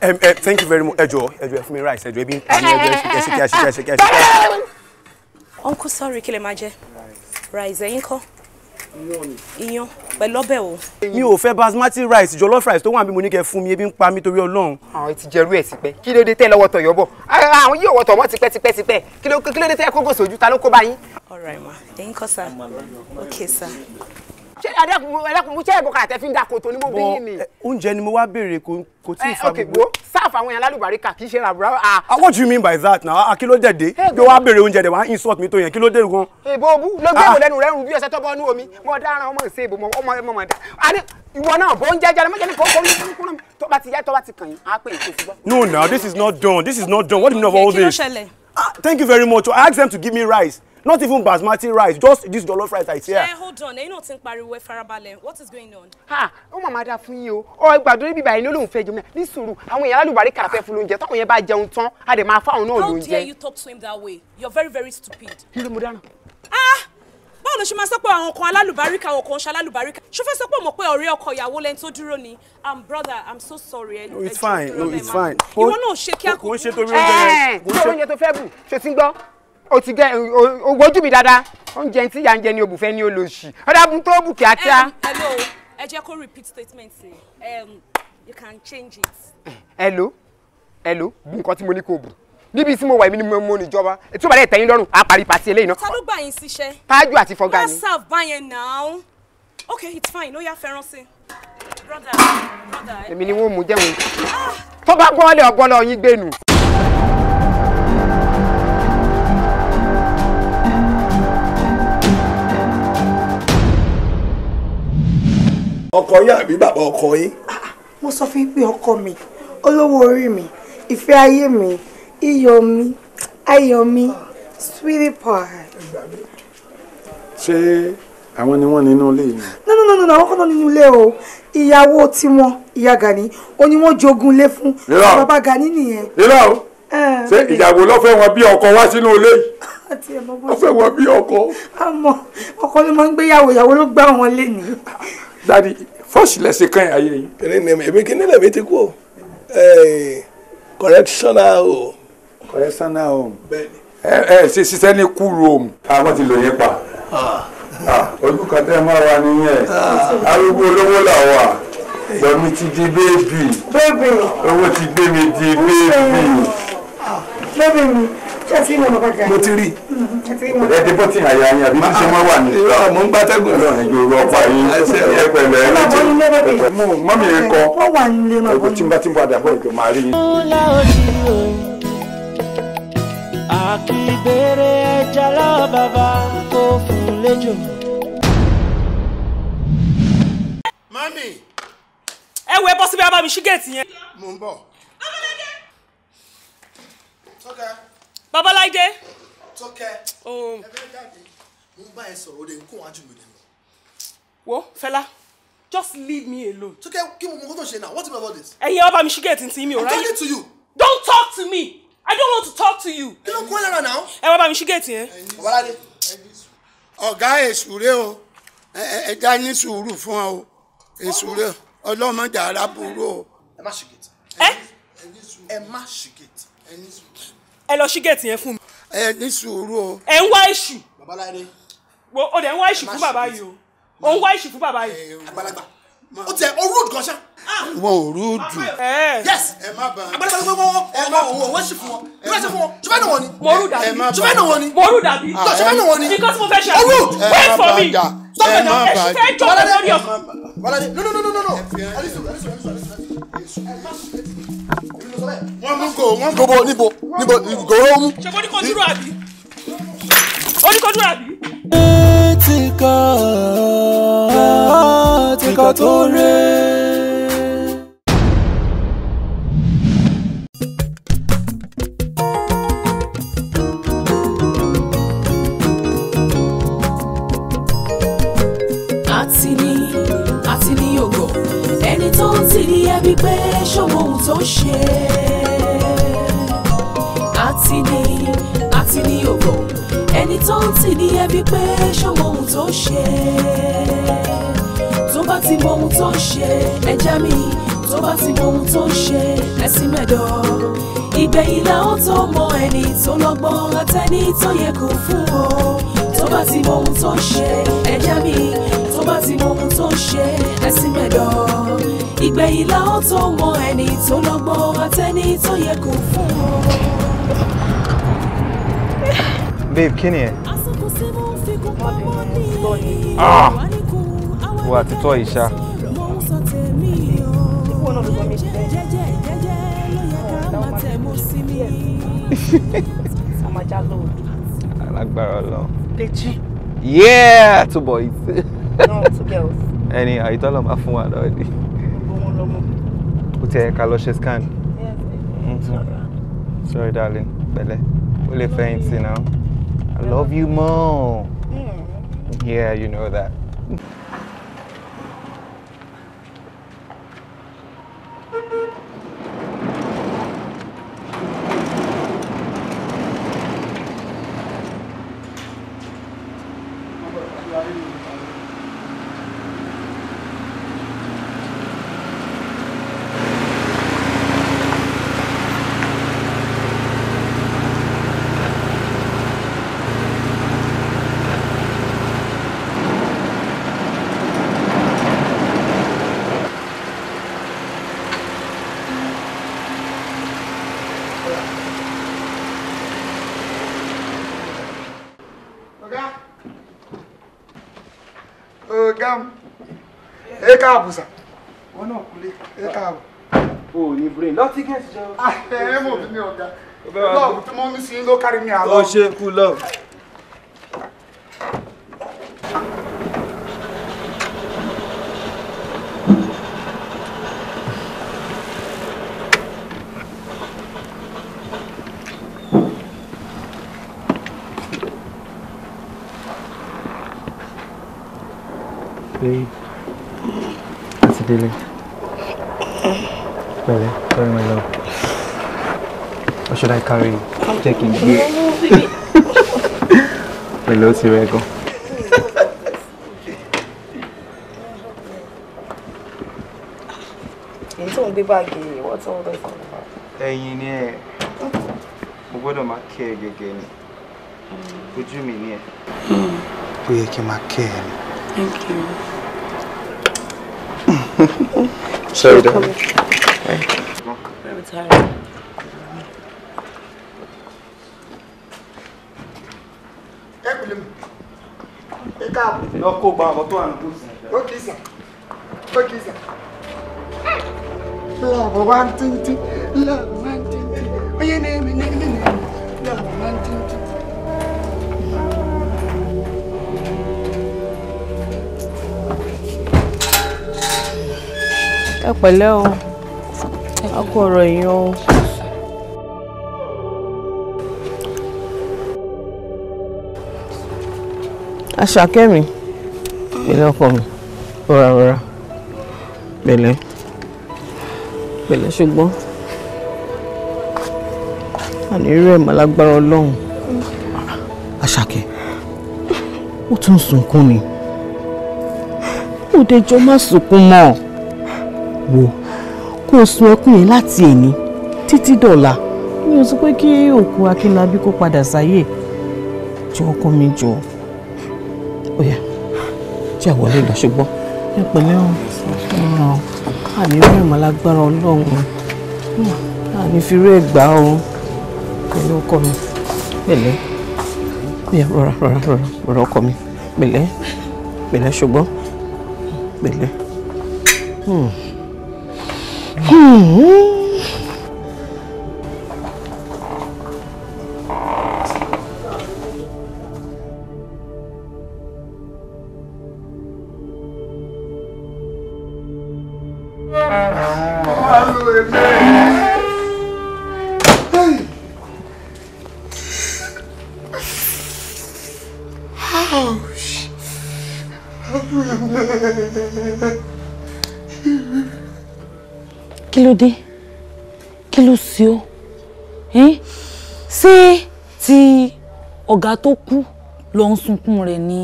ẹ ẹ thank you very much ẹ jọ̀ọ́ ẹ jọ̀ọ́ ẹ fún mi rice ẹ jọ̀ọ́ uncle sorry kí rice inko. Inyo, iyán pẹ̀lú ọbẹ̀ o. mi ò basmati rice jollof rice tó wà bí mo ní kẹ́ fún mi ebi ń pa mí torí ọlọ́run. àwọn ti jẹrú ẹ tipẹ́ kí water, dé tẹ lọ́wọ́ tọyọ bọ àwọn yìí ọwọ́ tọmọ tipẹ́ tipẹ́ tipẹ́ kí ló dé tẹ kókò sójú ta ló kó bá yín. all right ma inko sir okay sir ṣé ẹ̀dẹ́kun ẹ̀dẹ́kun mo ṣe ẹ̀gbọ́n kan àtẹ́fín da kòtò ni mo bí yín ni. oúnjẹ ni mo wá béèrè kò kò tí ì fa gbogbo. sáàfù àwọn èèyàn lálùbáríkà kì í ṣe ràbúrà. Ah, what do you mean by that na a ah, kí ló dẹ̀ dé bí wàá béèrè oúnjẹ dẹ̀ wàá insult mi tó yẹn kí ló dé gan. èbó obú ló gbé ìwòlẹ́nu ah. rẹ̀ rú bí ọ̀sẹ̀ tó bọ́ nú omi mo dára ọmọ ìṣe ìbò ọmọ ọmọ ọmọ ìwọ náà bó ń jẹjẹrẹ mọ́jẹ́ ní kókó ní kúrò tó bá ti yá tó bá ti kàn yín á pè é kó fúgbọ́. no now this is not done this is not done what do you mean of all this. kí thank you very much i asked them to give me rice not even basmati rice just this jollof rice i tear. ẹ eh, hold on ẹ̀yin náà ti ń pariwo ẹ farabalẹ̀ what is going on. ha ó mà má da fún yín o ọ gbàdúrà níbi ìbàyẹn ló lóun fẹ́ jẹun ní sùúrù àwọn èèyàn alálùbárí kà fẹ́ fún lóúnjẹ táwọn yẹn bá jẹun tán a dẹ̀ máa fáwọn náà lóúnjẹ. how dare you talk to him that way you are very very stupid. mo lè mo dáná. ah báwo ló ṣe máa sọ pé àwọn kan alálùbáríkà àwọn kan ṣalálùbáríkà ṣó fẹ́ sọ pé mọ̀ pé ọ̀rẹ́ ọkọ ìyàwó lẹ́ni tó dúró ni i'm um, brother i'm so sorry ẹ no it's fine no it's fine. ìwọ náà ṣe kí a kò kò ń ṣe torí oúnjẹ yẹn. ẹ ẹ torí oúnjẹ tó fẹ́ bù ṣe ti ń gbọ́ o ti gẹ o wojú mi dáadáa oúnjẹ tí ìyá ń jẹ ni òbúfẹ́ ni olóṣì ọ̀dà bùn tó bù kíákíá. Um, hello ẹ jẹ́ kó repeat statement yẹn um, you can change it. hello hello bu nǹkan tí mo ní kó bù níbi tí mo wà èmi ni mo níjọba tí ó bá dẹ̀ tẹ̀yìn lọ́rùn á parí pàṣẹ eléyìí náà. ta yín síṣẹ́. tájú àti fọgá ni. wọ́n serve báyẹn náà okay it's fine ó yá fẹ́ràn sí brother brother. Eh. èmi ni wọ́n mú jẹun ah. tó bá gbọ́ lé ọgbọ́n lọ yín gbénu. ọkọ yín àbí bàbá ọkọ yín. Ah, ah, mo sọ fún yín pé ọkọ mi olówó orí mi ìfẹ́ ayé mi iyọ̀ mi ayọ̀ mi sweetie pie. ṣé àwọn ni wọ́n nínú ilé mi. no no no no àwọn kan náà nínú ilé o ìyàwó tiwọn ìyá Gani ó ní wọ́n jogún ilé fún bàbá Gani nìyẹn. rírà o eh. ṣé ìyàwó ló fẹ́ wọn bí ọkọ wá sínú ilé yìí wọ́n fẹ́ wọn bí ọkọ. àmọ́ ọkọ ló máa ń gbéyàwó ìyàwó ló gbá wọn lé ní dadi fọ́ọ̀sì lẹ́sẹ̀ kan yà ayé yìí. èmi kì í nílẹ̀ mi ti kú o correctional home. correctional home. ẹ ẹ ṣe ṣiṣẹ́ ní cool room. àwọn ti lò yín pa ah. Ah, ojú kan tẹ́ máa wà nìyẹn ah. arúgbó olówó là wà lọ́mi ti di bébì owó ti gbé mi di bébì. bébì mi mo ti rí ẹ ti bọ́ tí àyà yín àbí tí máa wà ní. mo ń gbàtẹ́gùn lọ ẹ̀jẹ̀ òru ọ̀pá yín ẹ pẹ̀lẹ́ ẹ jẹ́ mọ́ mi kọ́ ẹ̀kọ́ tí n bá ti ń padà bọ̀ máa rí yín. ẹ wo ẹ bọ́ síbi abami ṣígẹ̀ẹ̀tì yẹn. mo ń bọ̀. Okay babaláyé. tókẹ́ ẹgbẹ́ oh. jáde mo ń bá ẹ sọ̀rọ̀ òde nǹkan wájú mi nìyẹn. wo fẹlá just leave me alone. tókẹ́ kí mo mọ kó tó ṣe náà what about all this. ẹ̀yin ọba mi ṣúgẹ̀ tìǹtìǹ mi ò right? I'm talking to you. don't talk to me I don't want to talk to you. kí ló kún ẹ lára náà. ẹ wá bá mi ṣúgẹ̀ tì yẹn. babaláyé. ọ̀gá èṣù rẹ o ẹ já ní sùúrù fún ọ èṣù rẹ ọlọ́mọdé arábùrú o. ẹ má ṣìgìtì. ẹ ẹ má ṣìgìtì ẹ lọ ṣí gẹ̀ẹ́tì yẹn fún mi. ẹ ní sùúrù o. ẹ ń wá èṣù. babaláde. wo o dẹ̀ ń wá èṣù fún bàbá yìí o o ń wá èṣù fún bàbá yìí. àgbàlagbà o tẹ o rude gan ṣá. wọn ò rude. yes ẹ má bà àgbàlagbà gbogbo wọn ẹ má wọn wọn fún wọn ṣùgbọ́n ṣe fún wọn ṣùgbọ́n náà wọn ni. mo rude àbí ṣùgbọ́n náà wọn ni. ni. because mo fẹ́ ṣe àbí. o rude wait for me bẹ́ẹ̀. wọ́n mú gò wọ́n gbogbo níbo níbo gòrò mú. ṣe kò ní kò dúró àbí? ó ní kò dúró àbí? tìkọ̀ tìkọ̀ tó rẹ̀. àkáǹtì ní ẹbí pé ṣòwò ohun tó ń ṣe. àti ní àti ní ògbò ẹni tó ń tì ní ẹbí pé ṣòwò ohun tó ń ṣe. tó bá ti mọ ohun tó ṣe ẹja mi tó bá ti mọ ohun tó ṣe ẹsìn mẹ́dọ̀. ìgbẹ̀yìn làwọn tó mọ ẹni tó lọ́gbọ́n àtẹni tó yẹ kó fún o tó bá ti mọ ohun tó ṣe ẹja mi bá ti mọ ohun tó ń ṣe ẹsìn mẹ́dọ̀ ìgbẹ̀yìn la tó mọ ẹni tó lọ́gbọ́n àtẹni tó yẹ kó fún ọ. babe kí ni ẹ. àsìkò sí mo ń ìṣá. Ah! mo ń Deji. yeah two boys. no two girls. ẹni àyítọ́ lọ máa fún wa lọ́wọ́ di. gbogbo scan. yes sorry darling pẹ̀lẹ́ o lè you know. i love you more. Hmm. yeah you know that. káàbù sà. wọn náà kúlé ẹ káàbù. o ò ní brain lọtí gẹ̀ẹ́sì jẹun. Ah, ẹ mọ̀ bí mi ọ̀gá lọ́ọ̀bù tí mo ń sin ló kárí mi àlọ́. ó ṣe kú lọ́ọ̀bù. délé pẹ̀lẹ́ sorry my love or should I carry you jẹ́ kí n gbé pẹ̀lẹ́ ó ti rẹ̀ gan. èyí tó ń gbé báàgì yìí wọ́n tó ń lọ sọ̀rọ̀ bá. ẹyin ni ẹ mo gbọ́dọ̀ máa kẹ́ thank you. Sorry, darling. I'm tired. Ẹ káàbọ̀. Lọ kó gba àwọn tó wà nínú sí. Ó kì í sà. Ó kì í sà. Láàbọ̀ wá ń tíntí. Láàbọ̀ wá ń tíntí. Oyè ní èmi ní èmi ní èmi. Láàbọ̀ wá ń tíntí. ẹ pẹ̀lẹ́ o a kò ọ̀rọ̀ èèyàn o. aṣàkẹ́mi pẹ̀lẹ́ ọkọ mi rọra rọra pẹ̀lẹ́ pẹ̀lẹ́ ṣùgbọ́n àníirú ẹ̀ mà lágbára ọlọ́run aṣàkẹ́ ó tún sunkún ni ó dẹjọ́ má sunkún mọ́ ọ wò kó o sun ẹkún yẹn láti èní títí dọ̀la mi ò sọ pé kí òkú Akínlábí kó padà sáyè jọ ọkọ mi jọ ó yá tí a wọlé lọ ṣùgbọ́n ẹ pẹ̀lẹ́ o àní rí ìmọ̀ lágbára ọlọ́run àní fi rí ẹ̀gbá o pẹ̀lẹ́ ọkọ mi pẹ̀lẹ́ bíi rọra rọra rọra rọra ọkọ mi pẹ̀lẹ́ pẹ̀lẹ́ ṣùgbọ́n pẹ̀lẹ́. Hmm. 嗯 ló dé kí ló ṣe ó ṣé ti ọ̀gá tó kú lọ ń sunkún rẹ̀ ni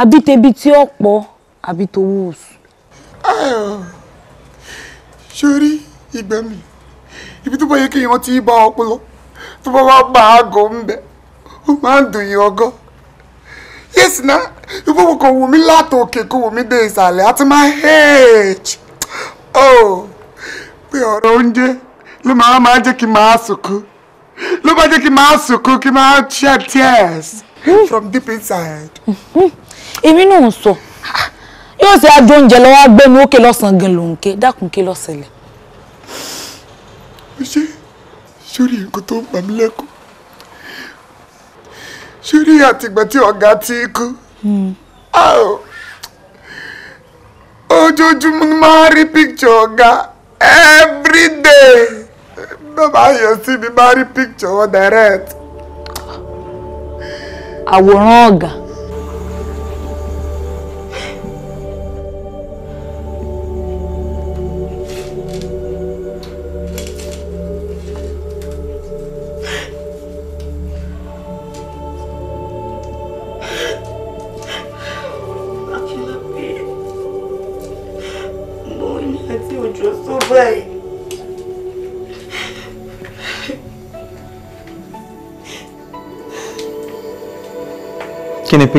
àbí tebi tí ó pọ̀ àbí towó oṣù. sórí ìgbà mi ibi tó bá yẹ kí èèyàn ti bá ọpọlọ tó bá wá bá aago ń bẹ ó máa ń dùn yín ọgọ́ yes na ìfowópamọ́ kò wù mí látòkè kò wù mí dé ìsàlẹ̀ àti máa hẹ́ẹ̀jì. Oh pé ọ̀rọ̀ oúnjẹ ló máa máa jẹ́ kí n máa sunkún ló máa jẹ́ kí n máa sunkún kí n máa shed tears from deep inside. èmi náà ń sọ yóò ṣe adó oúnjẹ lọ́wọ́ gbẹ́nu ókè lọ́sàn-án gan lòun ké dákun ké lọ́sẹ̀lẹ̀. ó ṣe sórí nǹkan tó ń pa mí lẹ́kọ̀ọ́ sórí àtìgbà tí ọ̀gá ti kú hmm. ojoojúmọ́ máa rí píkṣọ̀ ọ̀gá every day no ma yọ sí mi má rí picture wọn direct. àwòrán ọ̀gá.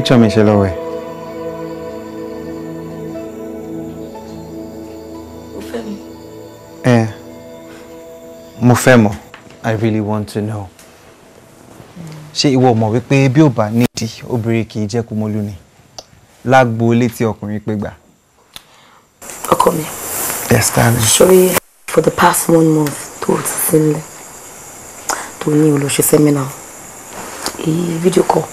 picture mi ṣe lọ́wọ́ ẹ̀. i really want to know. ṣé ìwọ mọ̀ wípé bí ò bá nídìí obìnrin kì í jẹ́ kó mọ́lú ni lágbo létí ọkùnrin pé gbà. ọkọ mi. yes darling. sorry for the past one month tó o ti sílẹ̀ tó ní o lọ ṣe seminar èyí fídíò call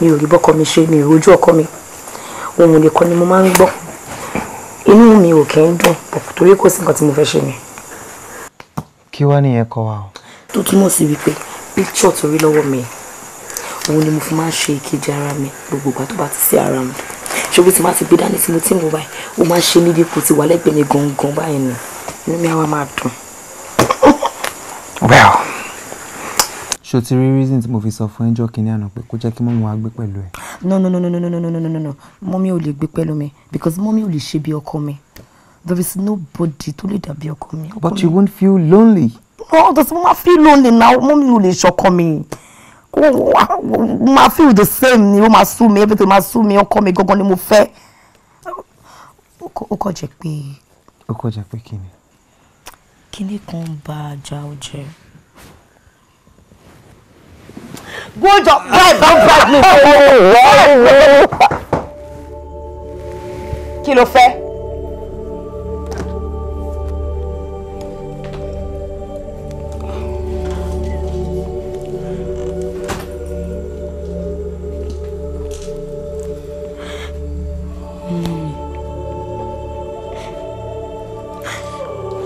mi ò rí bọ́kọ mi ṣe mi ò rojú ọkọ mi ohun nìkan ni mo máa ń gbọ́ inú mi ò kí ń dùn torí kò sí nǹkan tí mo fẹ́ ṣe ni. kí wá nìyẹn kọ wa o. tó túmọ̀ sí wípé píkṣọ̀ tó rí lọ́wọ́ mi òun ni mo fi máa ń ṣe ìkejì ara mi gbogbo ìgbà tó bá ti sí ara mi ṣòwò tí màá ti gbé dání tí mo tí mo báyìí ó máa ń ṣe níbi ipò tí wà lẹ́gbẹ̀ẹ́ mi gangan báyìí ni inú mi á wá máa dùn. well ṣé o ti rí reason tí mo fi sọ fún ẹjọ́ kìíní àná pé kó jẹ́ kí mọ́mí wa gbé pẹ̀lú ẹ̀. no no no no no no no no no no mọ́mí ò lè gbé pẹ̀lú mi because mọ́mí ò lè ṣe bí ọkọ mi there is nobody tó lè dàbí ọkọ mi. but you won't feel lonely. no does mama feel lonely now mọ́mí ò lè ṣọkọ mi ma feel the same ni ó ma sú mi everything ma sú mi ọkọ mi gangan ni mo fẹ́ ó kọ jẹ́ pé. ó kọ jẹ́ pé kí ni. kíní kan bà ajá ó jẹ́ go jọ bribe don bribe me for owó. kí ló fẹ́.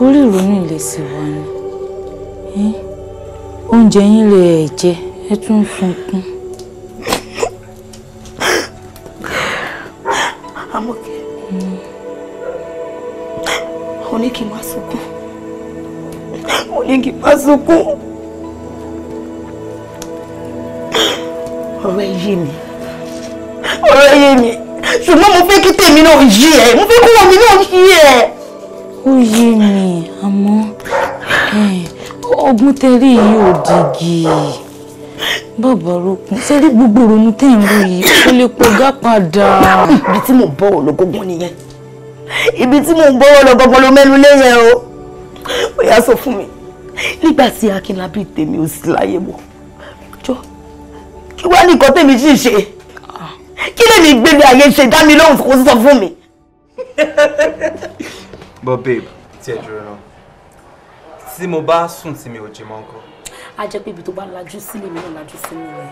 orí ìrònú ìlèsì wa ni oúnjẹ yín lè jẹ ẹ tún sunkún. Àmọ̀kẹ́ ó ní kí n má sunkún ó ní kí n má sunkún ọ̀rọ̀ ẹ yé mi ọ̀rọ̀ ẹ yé mi ṣùgbọ́n mo fẹ́ kí tèmi náà yí ẹ mo fẹ́ kí wọ́n mi náà yí ẹ. ó yé mi àmọ́ ọgbọ́n tẹ́rí yìí ò dìgì bàbá rògùn ṣé rí gbogbo ronú tẹ́ ń rò yìí ó lè pọ̀gá padà. ibi tí mò ń bọ̀ lọ́gọ́gbọ́n nìyẹn ibi tí mò ń bọ̀ lọ́gọ́gbọ́n ló mẹ́nu lẹ́yìn o ó yá sọ fún mi nígbà tí Akínlábí tèmi ò sí láyé mọ́ jọ kí wàá nìkan tèmi sì ṣe kí lèmi gbélé ayé ṣe dá mi lóhùn kó sọ fún mi. but babe tí ẹ dúró náà tí mo bá sùn tí mi ò jí mọ́ nǹkan á jẹ́ pé ibi tó bá lajú sílé mi náà lajú sí mi rẹ̀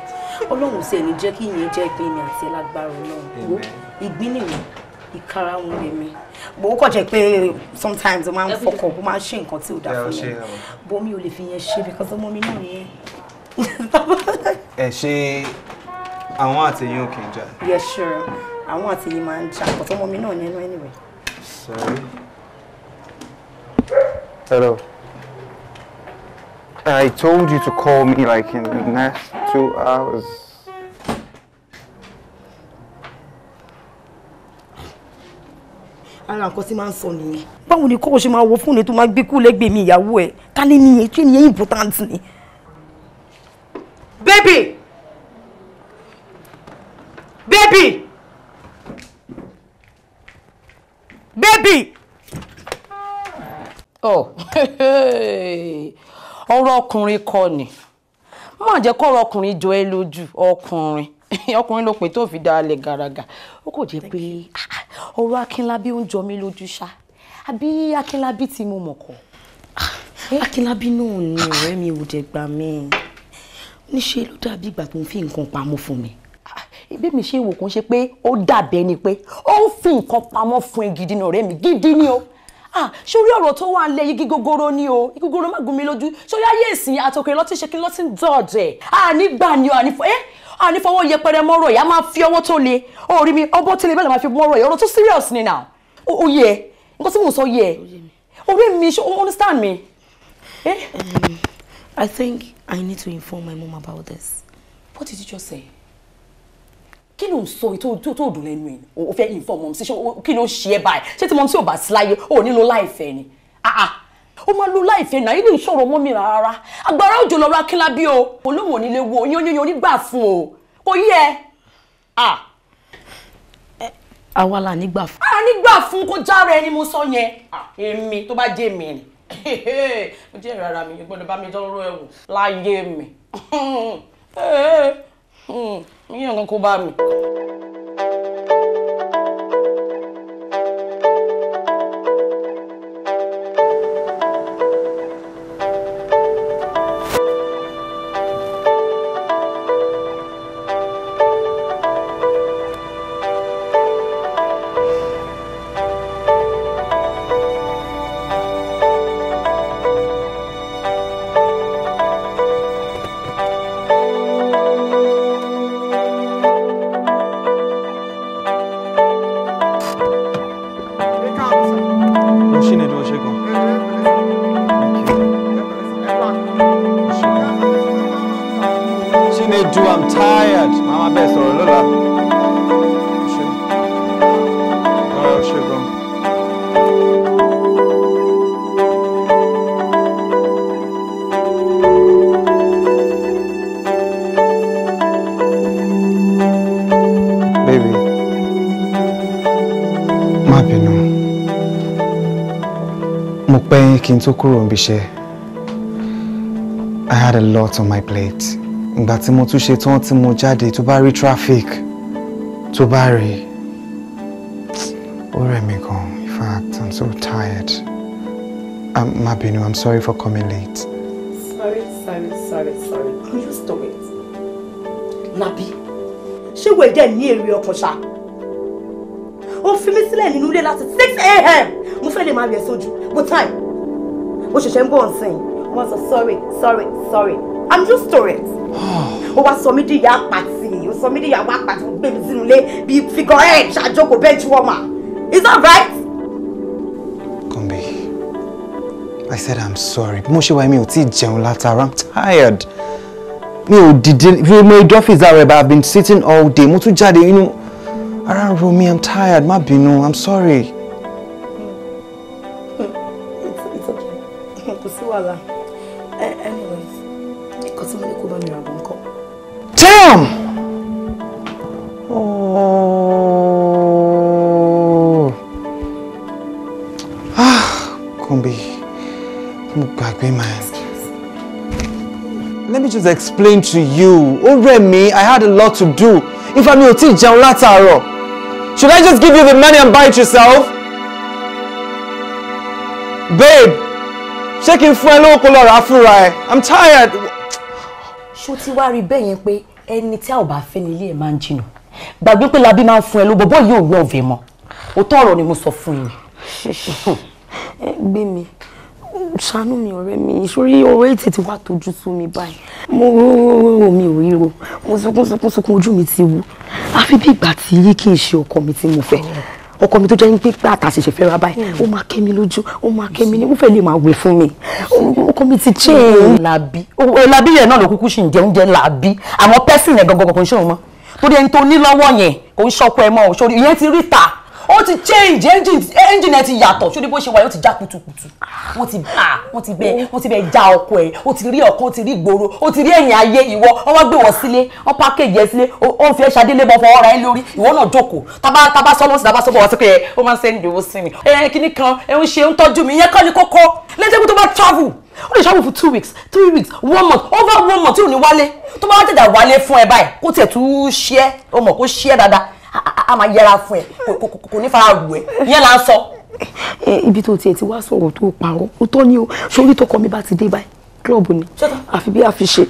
ọlọ́run ẹni jẹ́ kí ìyẹn jẹ́ ìpín mi àti ẹlágbára ọlọ́run wo ìgbín nìyẹn ìkara wọn lè mi bò ó kọ̀ pé sometimes ó máa ń fọkàn ó máa ṣe nǹkan tí ò dáa fún mi bó mi ò lè fi yẹn ṣe because ọmọ mi náà nìyẹn. ẹ ṣe àwọn àtẹ̀yìn òkè ń jà. yes sure àwọn àtẹ̀yìn máa ń jà but ọmọ mi náà nínú anyway. sorry. hello. I told you to call me like in the next two hours. ara nǹkan tí máa ń sọ nìyẹn. báwo ni kókò ṣe máa wo fóònù tó máa gbé kú lẹ́gbẹ̀ẹ́ mi ìyàwó ẹ̀ ká ní nìyẹn tí nìyẹn important ni. baby baby baby. oh ọ̀rọ̀ ọkùnrin kọ ni má jẹ́ kọ́rọ̀ ọkùnrin jọ ẹ lójú ọkùnrin ọkùnrin ló pè tó fi dalẹ̀ gàràgà ó kò jẹ́ pé ah, ah, ọ̀rọ̀ Akínlábí ó ń jọ mí lójú ṣá àbí Akínlábí tí mo mọ̀ kọ́. Ah, Akínlábí náà ni ọ̀rẹ́ mi ò jẹ́ gbà mí níṣẹ́ ló dàbí ìgbà tó ń fi nǹkan pamọ́ fún mi ibi mi ṣe wò ṣe pé ó dàbẹ́ ni pé ó ń fi nǹkan pamọ́ fún ẹ gidi ni ọ̀rẹ́ mi gidi ni o ah sórí ọ̀rọ̀ tó wà lẹ igi gogoro ni o igi gogoro má gún mi lójú sórí ayé ìsìn àtòkèrè lọ́tí ṣe kí lọ́tí ń dọ̀dẹ̀ àní gbà ni o àní fọ́ ẹ́ àní fọwọ́ yẹpẹrẹ mọ́rọ̀ yìí a máa fi ọwọ́ tó le orí mi ọbọ̀ tó le bẹ́ẹ̀ la máa fi mọ́rọ̀ yìí ọ̀rọ̀ tó serious ni now ó yẹ nǹkan tí mò ń sọ yẹ orí mi ṣe understand me. Um, I think I need to inform my mom about this. What did you just say? kí ló ń sọ tó tó dùn lẹ́nu ẹ̀ o fẹ́ inform mọ̀ sí kí ló ṣe ẹ báyìí ṣé tí mo tí ò bá sí o nílò láìfẹ́ ni ó ah, ah. máa lo láìfẹ́ náà ilé ìṣòro mọ́ mi rárá agbára òjò lọ́rọ́ akínlábí o olóhùn onílé wo oyún oyún onígbà fún o kò yẹ ah. ẹ. àwa la nígbà fún. a nígbà fún kó jára ẹni mo sọ yẹn èmi tó bá jẹ́ èmi ni mo jẹ́ ìrara mi gbọ́dọ̀ bá mi dánwó ẹ̀wò láyé mi. Eh, eh, hmm. Minha não coubame. kí tó kúrò níbi iṣẹ́ I had a lot on my plate ìgbà tí mo tún ṣe tán tí mo jáde tó bá rí traffic tó bá rí ó rẹ̀ mí gan in fact I'm so tired I'm, um, má bínú I'm sorry for coming late. sorry sorry sorry sorry can you stop it. nabi ṣé wo ìdẹ́ ní èrè ọkàn ṣá ó fi mí sílẹ̀ nínú ilé láti six a.m. mo fẹ́ lè máa rẹ̀ sójú what time ṣẹ̀ṣẹ̀ ń bọ̀ nsìn wọ́n sọ sorry sorry sorry i'm used to ó wá sọ mí di ìyá àpàtì ó sọ mí di ìyàwó àpàtì ó gbé mi sínú ilé bíi figure eight ṣàjọkò bench warmer is that right. Kumbi i said i'm sorry bí mo ṣe wáyé mi ò tí ì jẹun látara i'm tired mi ò dìde mi mo ìdí ọ́fíìsì ààrẹ but i've been sitting all day mo tún jáde inú ara ń ro mi i'm tired má bínú i'm sorry. wàhálà. damn. Eh, oh. Ah, Kumbi, mo gbàgbé man. Let me just explain to you. Ó rẹ̀ I had a lot to do. If I'm your tea jẹun látàárọ̀, should I just give you the money and buy it yourself? Babe, ṣé kí n fún ẹ lówó kó lọ rà á fúnra ẹ i'm tired. ṣó ti wá rí bẹ́ẹ̀ yẹn pé ẹni tí a ò bá fẹ́ nílé ẹ̀ máa ń jìnnà gbàgbé pé labi máa ń fún ẹ ló bọ́bọ́ yóò lọ ọ̀vẹ́ mọ́ òótọ́ ọ̀rọ̀ ni mo sọ fún yín. ẹ gbé mi ṣàánú mi ọ̀rẹ́ mi sórí ọ̀rọ̀ ètè ti wá tójú sú mi báyìí mo rò mi ò ríro mo sunkún sunkún sunkún ojú mi ti wú àfi bí ìgbà tí yí kì í ṣe ọkọ mi tí mo fẹ́ ọkọ mi tó jẹ́ pé pé àtàṣeṣe fẹ́ ra báyìí hmm. ó máa kẹ́ mi lójú ó máa kẹ́ mi ní ó fẹ́ lè máa wè fún mi ọkọ mi ti change. làbí làbí yẹn náà ló kúkú sì ń jẹ oúnjẹ làbí àmọ́ pẹ́sìn yẹn gangan kò ń ṣòro mọ́ torí ẹni tó ní lọ́wọ́ yẹn kò ń ṣọkọ ẹ mọ́ ìyẹn ti rí ta ó ti change engine engine ẹ ti yàtọ̀ ṣó ní bó ṣe wáyé ó ti já kutukutu wọ́n ti bá wọ́n ti bẹ wọ́n ti bẹ já ọkọ ẹ̀ ó ti rí ọkọ ó ti rí ìgboro ó ti rí ẹ̀yìn ayé ìwọ wọ́n wá gbé wọ́n sílé wọ́n pákéjì ẹ sílé ó ń fi ẹ́ ṣadélé bọ́ fọwọ́ ra ẹ lórí ìwọ náà jókòó tábà tábà sọ́lọ́ sí tábà sọ́bọ̀ wọ́n sí pé ó máa ń sẹ́ni ìdòwò sí mi ẹ kíní kan ẹ ń ṣe ń tọ́jú mi ìyẹn kọ́ ni kókó lẹ́jẹ̀ tó bá travel ó lè travel for two weeks three weeks one month over one month tí ò ní wálé tó bá wá jẹjà wálé fún ẹ báyìí kó tiẹ̀ tún ṣiẹ́ ó mọ̀ kó ṣiẹ́ dáadáa a máa yẹra fún ẹ kò ní fara wù ẹ ìyẹn là ń sọ. ibi tó tiẹ̀ ti wá sọ̀rọ̀ tó parọ́ ó tọ́ ni o sórí tọkọ mi bá ti dé báyìí club ni àfi bí a fi ṣe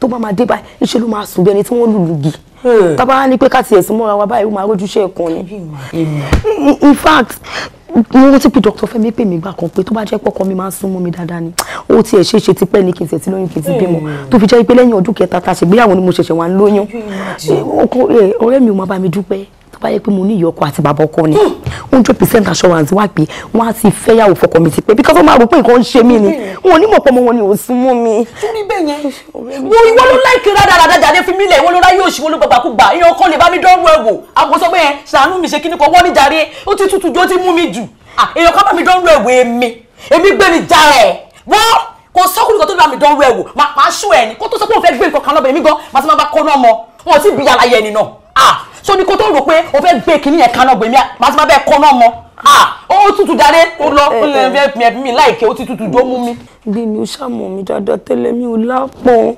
tó bá máa dé báyìí níṣẹ́ ló máa sùn bí ẹni tí wọ́n lùlù gì hmm. tábà ní pé ká tiẹ̀ sí mọ́ra wa báyìí ó máa rójúṣe ẹ̀kan ni in fact mo ti pe dr Fẹ́mi pè mí gbà kan pé tó bá jẹ́ pọkàn mi máa ń sún mọ́ mi dáadáa ni ó tiẹ̀ ṣe ṣe ti pẹ́ ní kìí ṣètì lóyún kìí ti bímọ hmm. tó fi jẹ́ pé lẹ́yìn ọdún kẹta tá a ṣègbéyàwó ni mo ṣẹ̀ṣẹ̀ wà ń lóyún hmm. ọ̀rẹ́ mi ò máa bá mi dúpẹ́ tó bá yẹ pé mo ní ìyá ọkọ àti bàbá ọkọ ni hundred percent assurance wà pé wọn á ti fẹ́yàwó fọkàn mi ti pé because wọn máa rò pé nǹkan ń ṣe mí ni wọn ò ní mọ̀ pé ọmọ wọn ni ò sún mọ́ mi. torí bẹ́ẹ̀ yẹn wo ìwọ ló láìkí rádaràdà jáde fi mílẹ̀ ìwọ ló ráyè òṣì wọn ló gbàgbà kú gbà ìyẹn ọkọ lè bá mi dánwò ẹ̀wò àkóso bẹ́ẹ̀ ṣàánú mi ṣe kíní kan wọ́n ní jàre ó ti tutù jó ti mú mi jù èèyàn kan bá mi dánwò ẹ̀wò èmi èmi gbé mi jàre wọ́n kò sọ́kùnrin kan tó bá mi dánwò ẹ̀wò máa ṣú ẹ̀ ní kó so ni kó tó rò pé o fẹ́ gbé kinní yẹn kaná gbèmí màá ti máa bẹ́ẹ̀ kọ́ náà mọ́ ah, ó tutù dáre ó lọ ó lè fẹ́ mi ẹ̀bí mi láìké ó ti tutù jó mú mi. gbé mi ó ṣàmọ̀ mi dáadáa tẹ́lẹ̀ mi ò lápọ̀n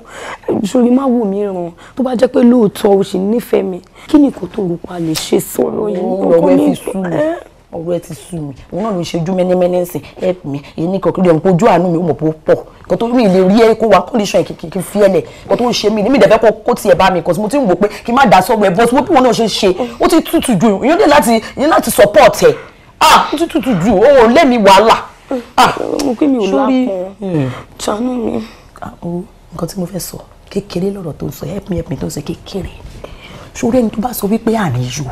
sórí má wò mí ràn tó bá jẹ́ pé lóòótọ́ o sì nífẹ̀ẹ́ mi kí ni kò tó rò pa lè ṣe sọ̀rọ̀ yìí. ó lọ wẹ́ ọ̀rọ̀ ẹ ti sú mi òun náà ló ń ṣojú mẹ́nẹ́mẹ́nẹ́ sìn help me èyí ní kọ̀ọ̀kiri ọ̀hún ojú àánú mi ó mọ̀ pé pọ̀ kò tó mi lè rí ẹ kó wa condition kìkì kì kò tó ń ṣe mí níbi ìdẹ́fẹ́ kó tiẹ̀ bá mi cause mo ti ń wò pé kí n má dá sọ́wọ́ ẹ bọ́sí wọ́n bí wọn náà ṣe ṣe ó ti tútù ju ìyọ́n láti ìyọ́n láti support ẹ̀ ah ó ti tútù ju ó lé mi wàhálà ah sórí ah, ẹni tó bá sọ wípé àníyù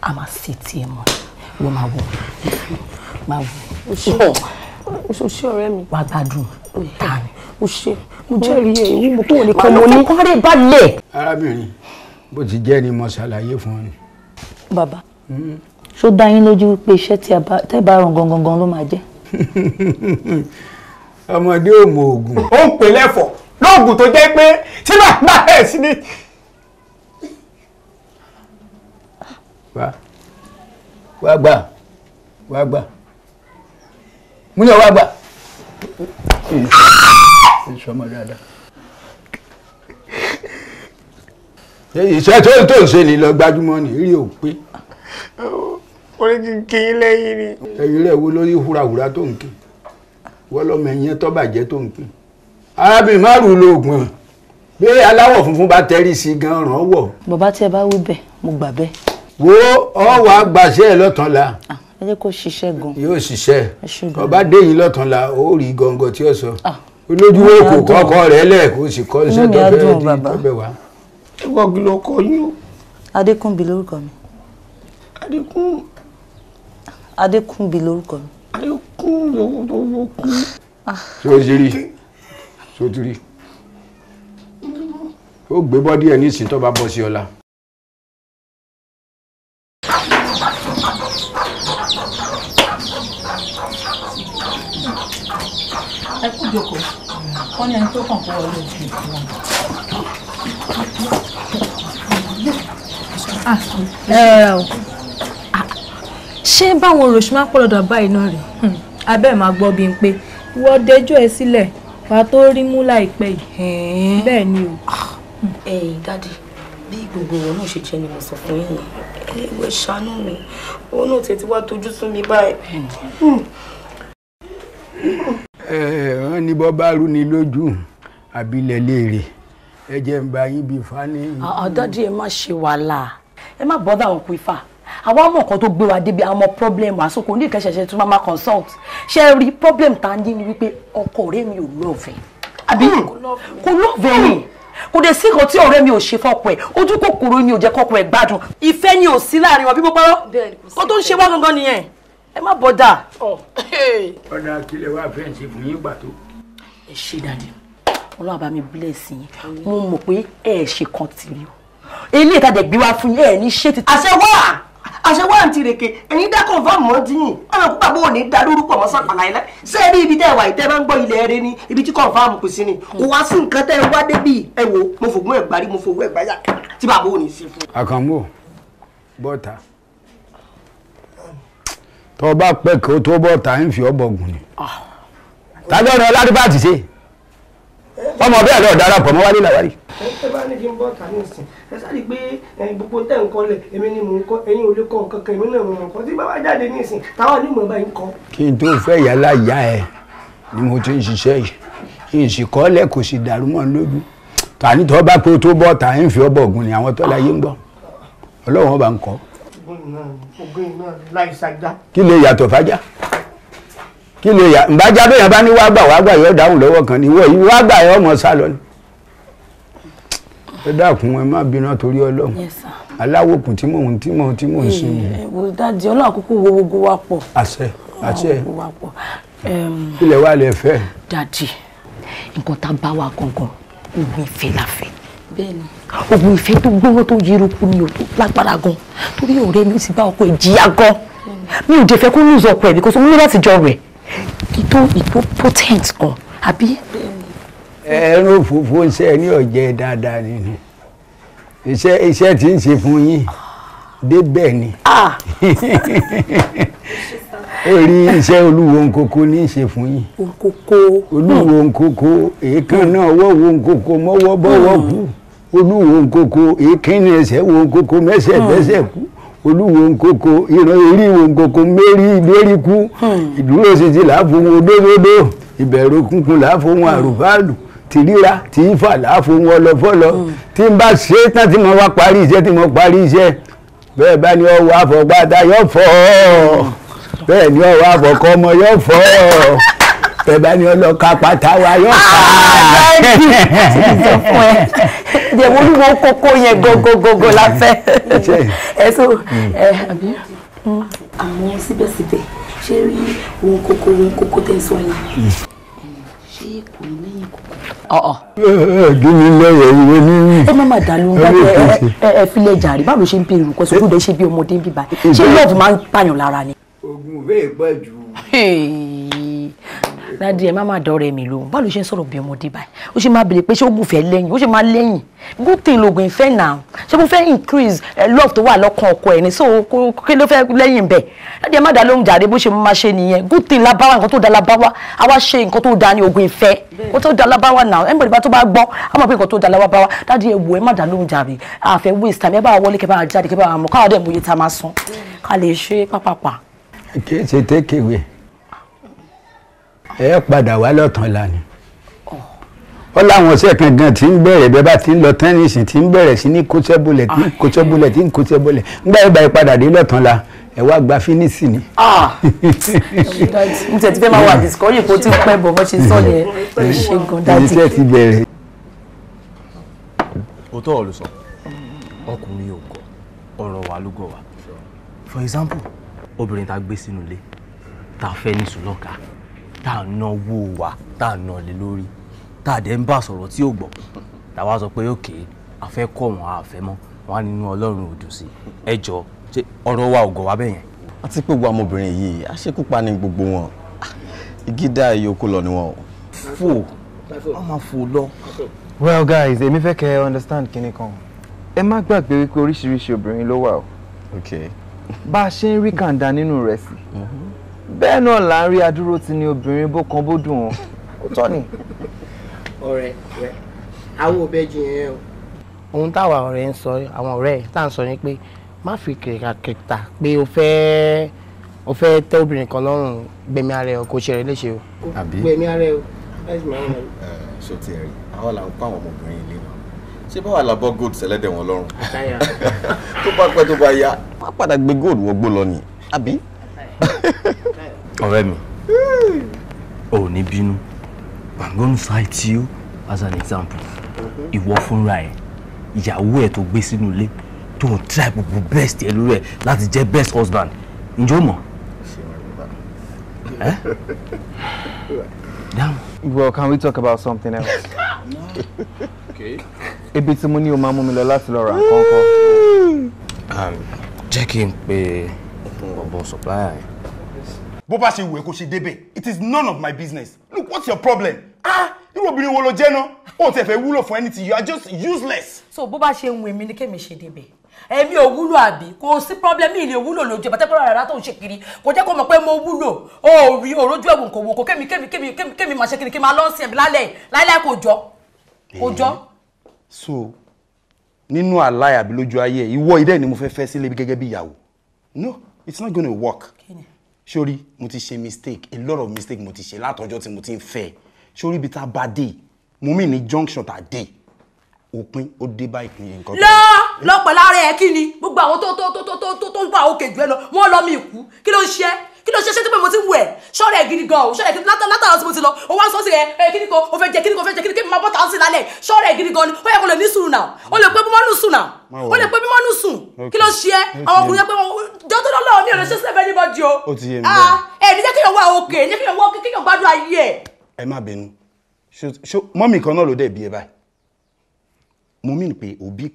a máa ṣe mọ́ ẹ wọ́n máa wọ̀ máa wọ̀ ó ṣe ó ṣe ọ̀rẹ́ mi. wàá gbádùn ta ni ó ṣe mo jẹ́rìí ẹ̀ ìwúwo tó ní kan mo ní. wọ́n rẹ̀ balẹ̀. arábìnrin bó ti jẹ́ ni mo ṣàlàyé fún ọ ni. bàbá hmm? ṣó dá yín lójú pé iṣẹ́ tí ẹ bá rán gangan gan ló máa jẹ́. ọmọdé ò mọ oògùn. ó ń pè lẹ́fọ̀ọ́ lóògùn tó jẹ́ pé tí bàbá ẹ̀ sí ni. Ah wá gbà wá gbà mo ní ọ wá gbà èso ọmọ dáadáa iṣẹ́ tó ń tó ń ṣe ni lọ gbajúmọ̀ ní rí ò pé. orí kì í kí yín lẹ́yìn ni. ẹ̀yìn rẹ̀ wo lórí hurahura tó ń kí wọ́n lọ́mọ ẹ̀yìn tó bàjẹ́ tó ń kí. arábìnrin márùn lo oògùn bí aláwọ̀ funfun bá tẹrí sí gan-an ràn wọ̀. bàbá tí ẹ bá wí bẹ́ẹ̀ mo gbà bẹ́ẹ̀ wo o wà gbàṣẹ ẹ lọ́tànla. ẹ jẹ́ kó ṣiṣẹ́ gan. yóò ṣiṣẹ́ ọba dé yìí lọ́tànla ó rí gangan tí ó sọ olójú òkò kọ́kọ́ rẹ̀ lẹ́ẹ̀kọ́ sì kọ́ iṣẹ́ tó fẹ́ẹ́ di tọ́bẹ̀ wá. ẹ wọ́n kí ló kọ yín o. adékúnbi lórúkọ mi. adékún. adékúnbi lórúkọ mi. adékún lórúkọ mi. ṣé o ṣe rí ṣé o ti rí ó gbé bọ́dí ẹ̀ ní ìsìn tó bá bọ́ sí ọ̀la. ẹ rọra o ṣé báwọn rò ṣe máa pọ̀ lọ́dọ̀ báyìí náà rè hmm, abẹ́ máa gbọ́ bí n pé wọ́n dẹjọ́ ẹ sílẹ̀ wàá tó rí mú láìpẹ́ yìí bẹ́ẹ̀ ni o. Ah, ẹ̀yin dáàdi bí gbogbo wọn náà ṣe jẹ́ ni mo sọ fún yín ẹlẹ́wẹ̀ ṣàánú mi òun náà tètè wá tójú sún mi báyìí. Hmm. ẹ ẹ ní bọ́ bá rú ni lójú àbílẹ̀ léèrè ẹ jẹ́ ń bá yín bíi fani. àdádì ah, ah, ẹ má ṣe wàhálà ẹ má bọ́dà òun kú ifá àwa mọ̀ kan tó gbé wa débi àwọn problem àsokò ní ìkẹsẹ̀ṣẹ̀ tó máa consult ṣe rí problem tá a ní ni wípé ọkọ ọ̀rẹ́ mi ò lọ́ọ̀fẹ́ àbí hmm. kò lọ́ọ̀fẹ́ mi kò hmm. dé sí nǹkan tí ọ̀rẹ́ mi ò ṣe fọ́kọ ẹ̀ ojú kòkòrò ni ò jẹ́ kọ́kọ ẹ̀ gbádùn ìfẹ́ ni ò sí láàrin wa bí mo parọ́ kó tó ń ṣe wá gangan nìyẹn ẹ má bọ́dà. Oh, ọ̀dà kílẹ̀ wá fẹ́ǹsì fún yín pàtó. ẹ ṣe dáadé ọlọ́run àbámi bílẹ̀ sí yín mo mọ̀ pé ẹ ṣe kan tìrì o ilé ìtajà gbé wa fún yín ẹ̀ ní ṣé ti. àṣewọ́ àṣewọ́ àǹtí rèké ẹ̀yin dákọ̀ fún àmọ́ díyìn ọ̀nà púpà bó o ní da lórúkọ mọ́ sàpàlà yìí láì ṣé ẹ rí ibi tẹ́ ẹ wà yìí tẹ́ ẹ máa ń gbọ́ ilẹ̀ ẹrẹ ni ibi tí kọ̀ǹfàmù kù sí ni kò wá sí nǹkan tẹ́ ẹ wá débi ẹ wo mo fògùn ẹ̀ gbárí mo fòwú ẹ̀ gbáyà tí bàbá ò ní sí fún. àkànmú bọ́ta tó o bá pẹ́ kí tó bọ́ta ń fi ọ́ bọ̀gùn ni tájọ́ rẹ̀ ọládùbà ti ṣe ọmọ bẹ́ẹ̀ lọ darapọ̀ mọ́ wálé làwárí. ẹ bá ní kí n bọ́ tàbí ìsìn ẹ sáré pé gbogbo tẹ̀ ń kọlẹ̀ èmi ni mò ń kọ́ ẹ̀yin ò lè kọ́ nǹkan kan èmi náà mò ń kọ́ tí bá wá jáde ní ìsìn táwọn ní mò ń bá yín kọ́. kí n tó fẹ́ yàrá ìyá ẹ ni mo ti ń ṣiṣẹ́ yìí ìsìnkọ́lẹ̀ kò sì dàrú mọ́ lójú tàní tó bá pé o tó bọ́ tà ń fi ọbọ̀ ògùn ni àwọn tọ́lá kí ló yà ǹbájá bẹ́ẹ̀ yẹn bá ní wàá gbà wàá gbà yọ dáhùn lọ́wọ́ kan ní ìwọ yìí wàá gbà yọ ọmọ sá lọ ni. ẹ dákun ẹ má bínú torí ọlọ́run aláwòkùn tí mò ń tí mò ń tí mò ń sin mi. ẹ̀wò dájú ọlọ́run àkókò wo gbogbo wa pọ̀. àṣẹ àṣẹ ilẹ̀ wa lè fẹ́. dadi nǹkan tá a bá wa gangan ogun ìfẹ́ la fẹ́ ogun ìfẹ́ tó gbówó tó yẹrùkú ni o tó lágbára gan torí ọ̀rẹ́ mi ti bá ọkọ ẹ̀ jìyà gan mi ò jẹ́ fẹ́ kó lùzọ̀ ọkọ ẹ̀ bí kò sọ mi láti jọ rẹ̀ ìtò ìtò potent kan àbí. ẹran òfófó iṣẹ́ ní ọ̀jẹ̀ dáadáa nínú iṣẹ́ iṣẹ́ tí ń ṣe fún yín débẹ̀ ni orí iṣẹ́ olúwo nkoko ní í ṣe fún yín nkoko olúwo nkoko èékánná ọwọ́ wo nkoko mọ́wọ́ bọ́wọ́ hmm. kú olúwo nkoko èékánná ẹsẹ̀ wo nkoko mẹ́sẹ̀ bẹ́sẹ̀ hmm. kú. Mm olúwo nkoko ìran orí ìwò nkoko mérí ìgbéríkú hmm. ìdúró sí ti láàfóhun odódódó ìbẹ̀rù kúnkún láàfóhun àrùbáàlù ti ríra ti ifá láàfóhun ọlọfọlọ hmm. tí n bá ṣe tán tí mo wá parí iṣẹ́ tí mo parí iṣẹ́ bẹ́ẹ̀ bá ní ọwọ́ àfọ̀gbádá yóò fọ́ hmm. bẹ́ẹ̀ ni ọwọ́ àfọ̀kọ́mọ yóò fọ́ tẹ̀bá ni ọlọ́ka pátá wa yóò ká. jẹ̀wọ́ ní wọ́n kókó yẹn gogogogo la fẹ́. ẹ so ẹ àbí àwọn síbẹ̀síbẹ̀ ṣé rí ohun kókó ohun kókó tẹ̀ sọ yẹn ṣé kò ní lẹ́yìn kókó. Gíní lọ́rọ̀ ìwé ní. Ẹ má má dàlú ń gbàgbé ẹ filẹ̀ jàre báwo ṣe ń pe ìrùkọ sókúdẹ ṣe bí ọmọdé ń bíbá ṣé lọ́ọ̀bù máa ń pààyàn lára ni. Ogun bẹ́ẹ̀ pẹ́ jù dádì ẹ má má dọ̀rẹ́ mi lóhùn báwo ló ṣe ń sọ̀rọ̀ bí ọmọdé báyìí ó ṣe máa bèrè pé ṣé ó gùnfẹ́ lẹ́yìn ó ṣe máa lẹ́yìn good thing lògùn ìfẹ́ náà ṣé mo fẹ́ increase eh, love tó wà lọ́kàn ọkọ ẹ̀ ní so kí ló fẹ́ lẹ́yìn bẹ́ẹ̀ dádì ẹ má dá lóhùn jàre bó ṣe máa ṣe nìyẹn good thing labawa nǹkan tó da labawa àwa ṣe nǹkan tó da ní ogun ìfẹ́ nǹkan tó da labawa náà ẹ̀ ń bọ̀dọ̀ bá tó bá gbọ́ á mọ̀ pé nǹkan tó da labawa dádì ẹ wò ẹ má dá lóhùn jàre àfẹ́ waste time ẹ bá wọlé kẹ bá jáde kẹ bá mọ̀ káwọn dẹ̀ mọ̀ iye tá a máa san ká lè ṣe pápápá. kì í ṣe take away ẹ padà wá lọ́tàn lánàá ó láwọn ọ̀sẹ̀ kan gan tí ń bẹ̀rẹ̀ bẹ́ẹ̀ bá ti ń lọ tẹ́nísì tí ń bẹ̀rẹ̀ sí ní kóṣẹ́bólẹ̀ tí ń kóṣẹ́bólẹ̀ tí ń kóṣẹ́bólẹ̀ ńgbà yóò bá yí padà dé lọ́tàn la ẹ wá gba fínísì ni. n ah! tẹ̀ ti fẹ́ máa wà discourage kó tí pẹ́ bọ̀ bọ́ ṣe sọ yẹn ṣẹ́gun dájú. iṣẹ́ ti bẹ̀rẹ̀. òótọ́ ọ̀rọ̀ sọ ọkùnrin ò gọ̀ ọ̀rọ̀ wa ló gọ̀ wá for example obìnrin ta gbé sínú ilé ta fẹ́ ní sùlọ́ka tá à ń náwó wa tá à ń nà lé lórí tá à dẹ̀ ń bá sọ̀rọ̀ tí ò gbọ́ tàwa sọ pé òkè afẹ́ kọ̀ wọ́n àfẹ́ mọ́ wọn á nínú ọlọ́run òdùn sí ẹ jọ ṣe ọ̀rọ̀ wa ò gọ̀ wá bẹ́yẹn. àti pé gbogbo ọmọbìnrin yìí àṣekúpa ni gbogbo wọn ìgídá ìyókù lọ ni wọn fò wọn máa fò lọ. well guys èmi fẹ́ kẹ́ ẹ understand kinní kan ẹ má gbàgbé wípé oríṣiríṣi obìnrin ló wà o. okay. bá a ṣe ń rí kàńdà nínú rẹ̀ sí mm-hmm bẹ́ẹ̀ náà là ń rí adúró ti ni obìnrin bó kan bó dùn wọn kò tọ́ ni. ọ̀rẹ́ rẹ àwọn òbẹ jù yẹn o. ohun táwa ọ̀rẹ́ ń sọ àwọn ọ̀rẹ́ tá à ń sọ ni pé má fi kìrìkàkìtà pé o fẹ́ o fẹ́ tẹ́ obìnrin kan lọ́rùn gbẹ̀mí ara ẹ̀ kò ṣe rẹ̀ léṣe o. gbẹ̀mí ara ẹ̀ o ṣó ti ẹ̀rí àwọn là ń àwọn ọmọbìnrin ilé náà ṣé báwa la bọ́ gold sẹ́lẹ̀dẹ̀ wọn lọ́rùn tó bá pẹ́ tó bá yá wọ́n padà gbé gold wọgbó lọ ni àbí ọ̀rẹ́ mi ò ní bínú i'm gonna fight you as an example ìwọ fúnra ẹ ìyàwó ẹ tó gbé sínú ilé tó ń try gbogbo best ẹ lórí ẹ láti jẹ best husband ǹjẹ́ o mọ̀ ẹ well can we talk about something else. okay. ebi tí mo ní o máa mú mi lọ láti lọ ra nǹkan kan. Um, jẹ́ kí n pe ọ̀bọ̀ supplier yẹn bó bá ṣe wù ẹ́ kó ṣe débẹ̀ it is none of my business look what's your problem ah irú obìnrin wo ló jẹ́ náà o tẹ̀ fẹ́ wúlò fún anything you are just useless. so bó bá ṣe ń wù mí ni kémi ṣe débẹ̀ èmi ò wúlò àbí kò sí problem mi ìlè wúlò lójú ẹ̀bá tẹ́kọ̀ọ́ rárá tó ń ṣe kiri kò jẹ́ kó mọ̀ pé mo wúlò ó rí òrójú ẹ̀wù kò wò kò kémi kémi kémi kémi kémi máa ṣe kiri kí n máa lọ sí ẹ̀mí lálẹ́ láíláí kò jọ kò jọ. Eh, so nínú àlàyé àbí lójú ayé ìwọ idẹ ni mo fẹ́ fẹ́ sílé gẹ́gẹ́ bí ìyàwó no it's not gonna work sórí mo ti ṣe mistake a lot of mistake mo ti ṣe látọjọ́ tí mo ti ń fẹ́ sórí ibi tá a bá mo mì ní junction tá a dé O ó dé bá ìpín nǹkan. lọ lọ pẹ̀lú ara ẹ̀ kí ni gbogbo àwọn tó tó tó tó tó tó wà òkè jù ẹ lọ wọ́n lọ́ mi ìkú kí ló ń ṣe kí ló ṣe ṣe tó pé mo ti wù ẹ ṣọ́ọ̀rẹ́ gidi gan o ṣọ́ọ̀rẹ́ gidi látàrà tí mo ti lọ o wá sọ sí rẹ ẹ kí ni ko o fẹ́ jẹ kí ni ko o fẹ́ jẹ kí ni kí máa bọ́ tà á sí lálẹ́ ṣọ́ọ̀rẹ́ gidi gan ni ó yẹ kó lè ní sùúrù náà ó lè pé bí mọ́nù sùn náà ó lè pé bí mọ́nù sùn kí ló ṣe àwọn ọkùnrin yẹn pé jọ tó lọ́wọ́ mi ò lè ṣe sílẹ̀ fẹ́ẹ́ níbọ̀dì o ah, ẹ ní jẹ́ kí yọ̀wọ́ òkè ní kí yọ̀wọ́ kí yọ̀ gbádùn ayé ẹ̀. ẹ má bínú mọ́mì kan náà ló dẹ̀ bí ẹ báyìí mo mí pé òbí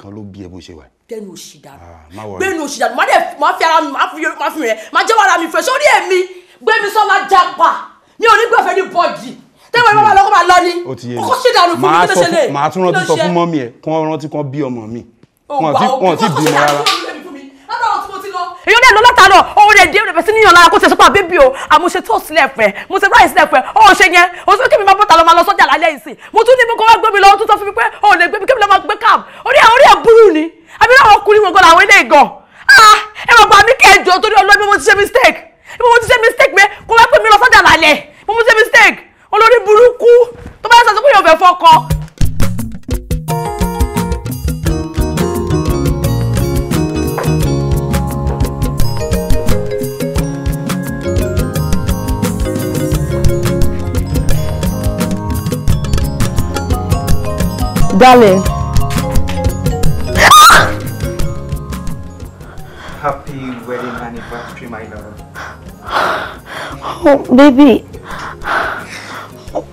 tẹnu òsì dànù gbẹnu ah, òsì dànù má dẹ má fi ara mi má fi má fi rẹ má jẹ́ wàrà mi fẹ́ sórí èmi gbẹmí sọ́lá japa mi ò ní gbẹ̀fẹ́ ní bọ́ọ̀dì tẹ́wọ̀n ìbámu àlọ́kọ́ máa lọ ni kókó sí dànù fún mi kí ló ṣe lè máa tún rántí sọ fún mọ́mí ẹ̀ kí wọ́n rántí kan bí ọmọ mi wọn ti wọn ti bímọ rárá èyí ọdẹ lọ látàánà òun rẹ díẹ̀ bẹsẹ níyàn lára kó ṣe sọpọ àbẹbí o àmúṣe tó sílẹ̀ fẹ mo ṣe báyìí sílẹ̀ fẹ ọ ṣe yẹn o sọ kébì máa bọ́ta lọ máa lọ sọ́jà lálẹ́ yìí sí mo tún ní mo kọ́ wá gbé mi lọ tún sọ fún mi pé o lè gbé mi kébì lọ máa gbé káàb orí ẹ̀ orí ẹ̀ burú ni àbí ọkùnrin wọn gan làwọn ilé gan ah ẹ mọ̀ gbà mí kẹjọ torí ọlọ́ọ̀bí mo ti ṣe mistake mo ti ṣe mistake pé kó wá pè mí lọ sọ́jà lálẹ́ mo ti ṣe mistake olórí burúkú tó bá sọ pé yóò fẹ́ fọkọ. Darling. might know. Oh, baby. Oh.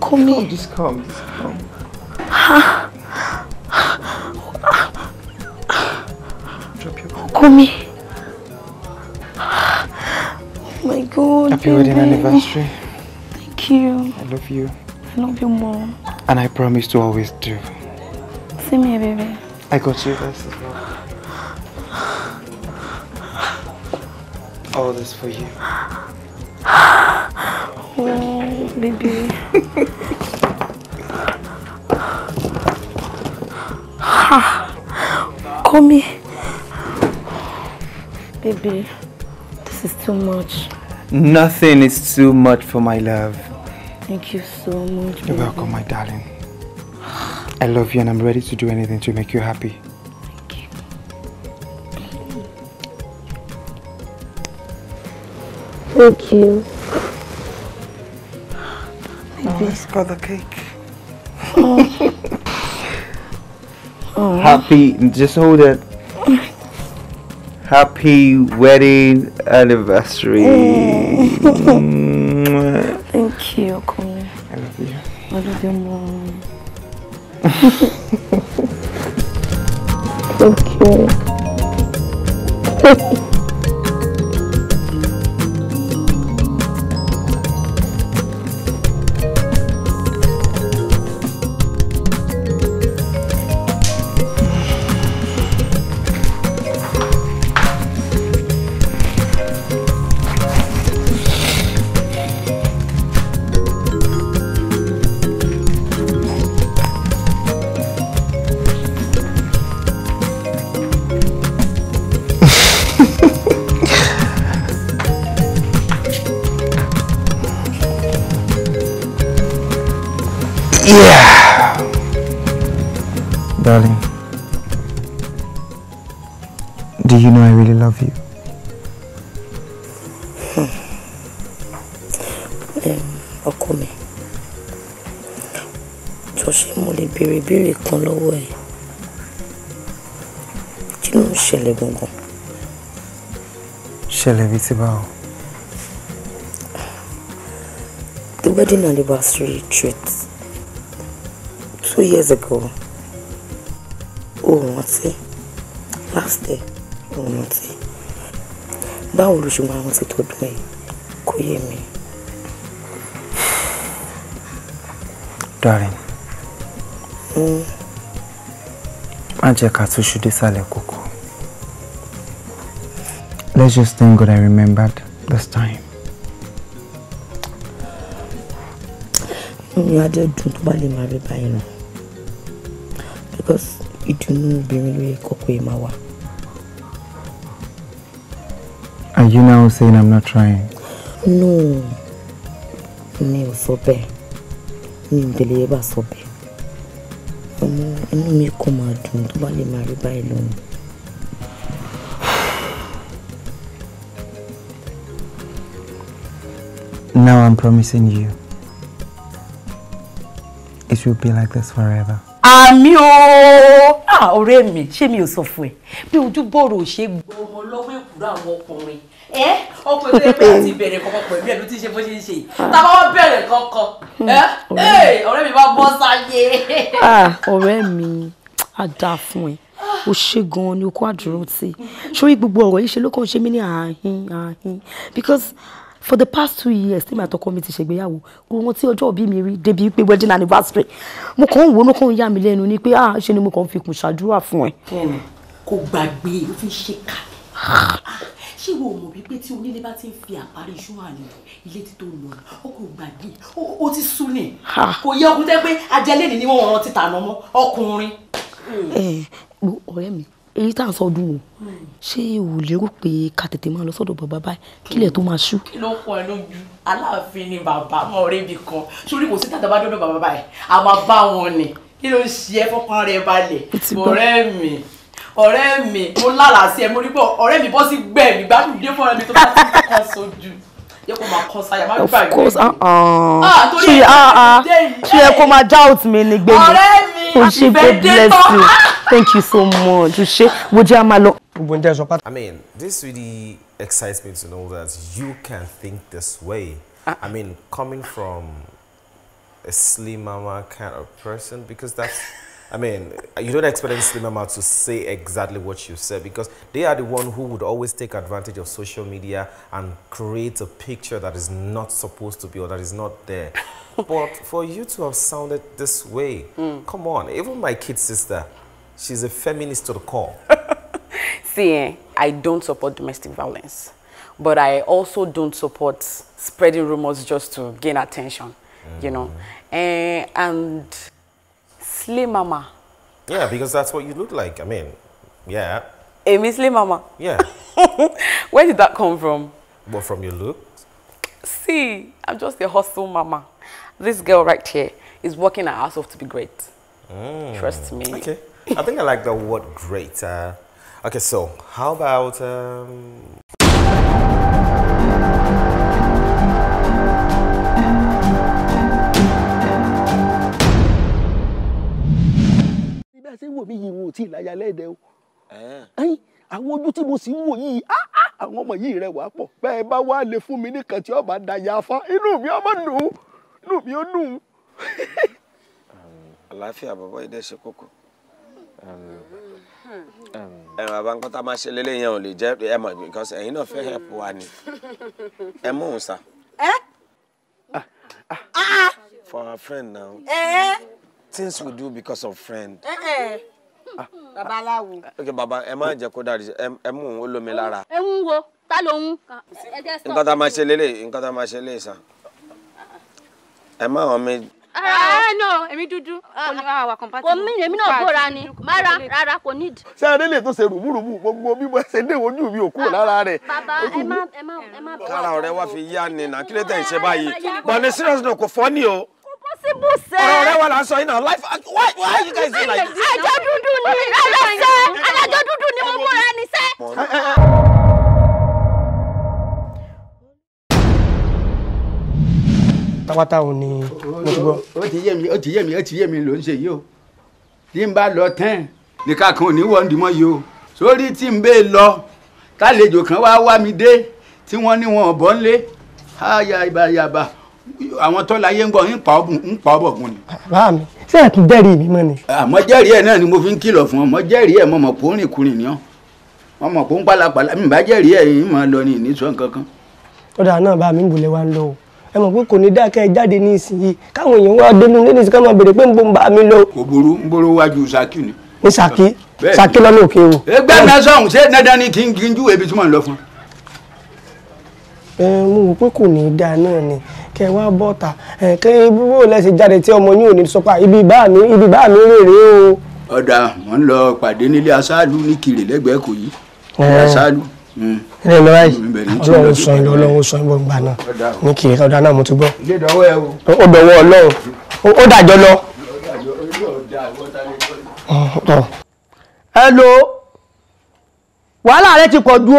Come, come here. Just come, just come. Drop your bag. Come here. Oh my God, Happy baby. wedding anniversary. Thank you. I love you. I love you more. And I promise to always do. See me, baby. I got you as well. all this for you. oh, baby. Call me. Baby, this is too much. Nothing is too much for my love. Thank you so much. You're welcome, my darling. I love you and I'm ready to do anything to make you happy. Thank you. Baby. Oh, let's got the cake. oh. Happy, just hold it. Happy wedding anniversary. Thank you, Kumi. I love you. I love you, more. Thank you. I really love you. Hmm. ọkọ mi jọ ṣé mo lè béèrè ìbéèrè kan lọ́wọ́ ẹ̀ kí ló ń ṣẹlẹ̀ gangan. ṣẹlẹ̀ bíi ti báwo. The wedding anniversary treat two years ago. Oh, what's it? Last day rántí báwo ló ṣe máa rántí tó dùn ẹ́ kò yé mi. darling hmm. má jẹ́ ká tún ṣu désàlẹ̀ kókó let's just thank God I remembered this time. inú adé dùn tó bá lè máa rí báyìí nù because ìdùnnú obìnrin ló yẹ kọ́kọ́ yìí máa wà. Are you now saying I'm not trying? No. Mi ò sọ bẹ́ẹ̀. Mi ò délé yẹ bá sọ bẹ́ẹ̀. Ọmọ inú mi kò máa dùn tó bá lè Now I'm promising you. It will be like this forever. Àmì o! Ah, ọ̀rẹ́ mi, ṣé mi ò sọ fún ẹ? Bí ojú bọ̀rọ̀ ò ṣe gbọ́ ọmọ lọ́wọ́ èkúrò àwọn ẹ ọkùnrin tó yẹ pé àti ìbẹ̀rẹ̀ kọ́kọ́ pẹ̀lú ẹ̀ ló ti ṣe bó ṣe ń ṣe táwa wọ́n bẹ̀rẹ̀ kankan ẹ ọ̀rẹ́ mi bá bọ́ sáyé. Ah, ọ̀rẹ́ mi á dáa fún ẹ o ṣe gan-an ni o kó àdúró tí sórí gbogbo ọ̀rọ̀ yìí ṣe ló kàn ṣe mí ní ààhín ààhín because for the past two years tí mi àtọkọ mi ti ṣègbéyàwó kò wọn tí ọjọ́ òbí mi rí débi pé wedding anniversary mo kàn ń wo kàn ń yà mí lẹ́nu ni pé ah ṣe ni mo kàn fi kùn ṣàdúrà fún ẹ. kò gbàgbé o fi ṣe kàlẹ́ ah, ṣé wo mọ̀ wípé tí onílé bá ti ń fi àparí iṣu hàn ní ilé tí tó lọ ọ kò gbàgbé ó ti sún ni kò yẹ ọkùnrin tẹ́ pé ajẹ́lé ni wọ́n rántí tàná mọ́ ọkùnrin. ẹ gbọ́ ọ̀rẹ́ mi èyí tá à ń sọdún o ṣé ìwò lérò pé ká tètè máa lọ sọ́dọ̀ bàbá báyìí kílẹ̀ tó máa ṣú. kí ló kọ ẹ lójú aláàfin ni bàbá mọ ọ̀rẹ́ mi kan sórí kò sí tàtà bá dọdọ bàbá báyìí a bá wọn ni kí ló ń ṣe é fọkàn rẹ balẹ̀ ọ̀rẹ́ mi ọ̀rẹ́ mi mo lálàá sí ẹ mo rí pé ọ̀rẹ́ mi bọ́ sí gbẹ̀ mi gbádùn dé fún mi tó bá ti kọ́ sojú yẹ kó máa kọ́ sáyà má gbà mí. ṣe ṣe yẹ kó máa doubt mi ní gbẹ̀mí. ọ̀rẹ́ mi àti oh, bẹ́ẹ̀ dé tán. thank you so much ṣe wo jẹ́ a máa lọ. gbogbo njẹ́ sọ pátá. I mean this really excites me to know that you can think this way. Ah. I mean coming from a slim mama kind of person because that's. I mean, you don't expect any Amount to say exactly what you said because they are the one who would always take advantage of social media and create a picture that is not supposed to be or that is not there. but for you to have sounded this way, mm. come on, even my kid sister, she's a feminist to the core. See, eh, I don't support domestic violence, but I also don't support spreading rumors just to gain attention, mm. you know. Mm. Eh, and Slim Mama. Yeah, because that's what you look like. I mean, yeah. Amy Slim Mama. Yeah. Where did that come from? What, from your looks? See, I'm just a hustle mama. This girl right here is working her ass off to be great. Mm. Trust me. Okay. I think I like the word great. Uh, okay, so how about um, ṣe wò mí yìí wọn ò tí ì láyà lẹ́ẹ̀dẹ́ o àwọn ojú tí mo sì ń wò yìí àwọn ọmọ yìí rẹwà pọ̀ bẹ́ẹ̀ bá wá lè fún mi nìkan tí ọba da yafa inú mi ọmọ nù ú inú mi ó nù ú. àlàáfíà bàbá yìí dẹ̀ ṣe kókó ẹ bàbá nǹkan tá a máa ṣe lélẹ́yìn yẹn ò lè jẹ́ ẹ mọ̀ because ẹ̀yin náà fẹ́ help wa ni ẹ mú un sa. for our friend now. Eh? things we do because of friend. Eh, eh. Ah. babaláwo. ok baba ẹ má jẹ kó dárí ẹ mú un ó lómi lára. ẹ ń wo ta ló ń. nǹkan tá a máa ṣe lélẹ̀ nǹkan tá a máa ṣe lélẹ̀ sàn. ẹ má hàn mí. ẹ ah, ah, no èmi dúdú kò mí èmi náà bóra ni mara rárá kò nídìí. ṣé adé lè tó ṣe rùmùrùmù gbogbo bí mo ṣe dé ojú mi ò kúrò lára rẹ. bàbá ẹ má ẹ má ẹ má bọ̀. kára ọ̀rẹ́ wa fi yá ni nà kí ló tẹ̀ ń ṣe báyìí bọ̀ ni náà kò fọ́ ni o possible sẹ. ọ̀rọ̀ I wà lásán iná life why why you guys dey like this. àjọ dúdú I aláṣẹ alájọ dúdú ni mo múra say, sẹ. táwátá ò ní mo ti gbọ́. ó ti yé mi ó ti yé mi ó ti yé mi ló ń ṣe yìí o tí n bá lọ tán nìka kan ò ní wọ́n dì mọ́ yìí o sórí tí n bẹ́ẹ̀ lọ kálejò kan wá wá mi dé tí wọ́n ní wọn ò bọ́ ń lé áyà ìbáyàbá àwọn tọ́lá yé ń gbọ́ ń pa ọ̀bùn ń pa ọ̀bọ̀gùn ni. bàbá mi ṣé ẹ tún jẹ́rìí mi mọ́ ni. àmọ́ jẹ́rìí ẹ̀ náà ni mo fi ń kìlọ̀ fún ọ mọ́ jẹ́rìí ẹ̀ mọ́ mọ̀ kó rìn kùnrin ni ọ́ mọ́ mọ̀ kó ń pàlàpàlà mi bá jẹ́rìí ẹ̀ yìí mọ́ lọ ní ìníṣọ́ nǹkan kan. ọ̀dà náà bá mi ń bulẹ̀ wá lọ o ẹ mọ̀ pé kò ní dákẹ́ jáde ní ìsinyìí káwọn èèyàn wá dénú ní ìsìnká máa bèrè pé ń bó ń bá mi lọ. kò burú saki ni. ní saki saki lọ́nà òkè o. ẹgbẹ́ náà sọ̀hún ṣé dandan ni kí n kí n kẹ wá bọ́ta ẹ kẹ bó jáde tí ọmọ yín ò ní sọ ibi bá mi ibi bá mi rèrè o. ọ̀dà mò ń lọ pàdé nílé aṣáálú ní kiri lẹ́gbẹ̀ẹ́ kò yí nílé aṣáálú. ilé ìlú báyìí hmm. hmm, ọlọ́run sọ ìlú ọlọ́run sọ ìbọn gbà náà ní kiri ọ̀dà náà mo ti gbọ́. ilé ìdánwò ẹ o. ó dọ̀wọ́ ọlọ́run ó dàjọ lọ. ẹ lo wàhálà rẹ ti pọ̀ ju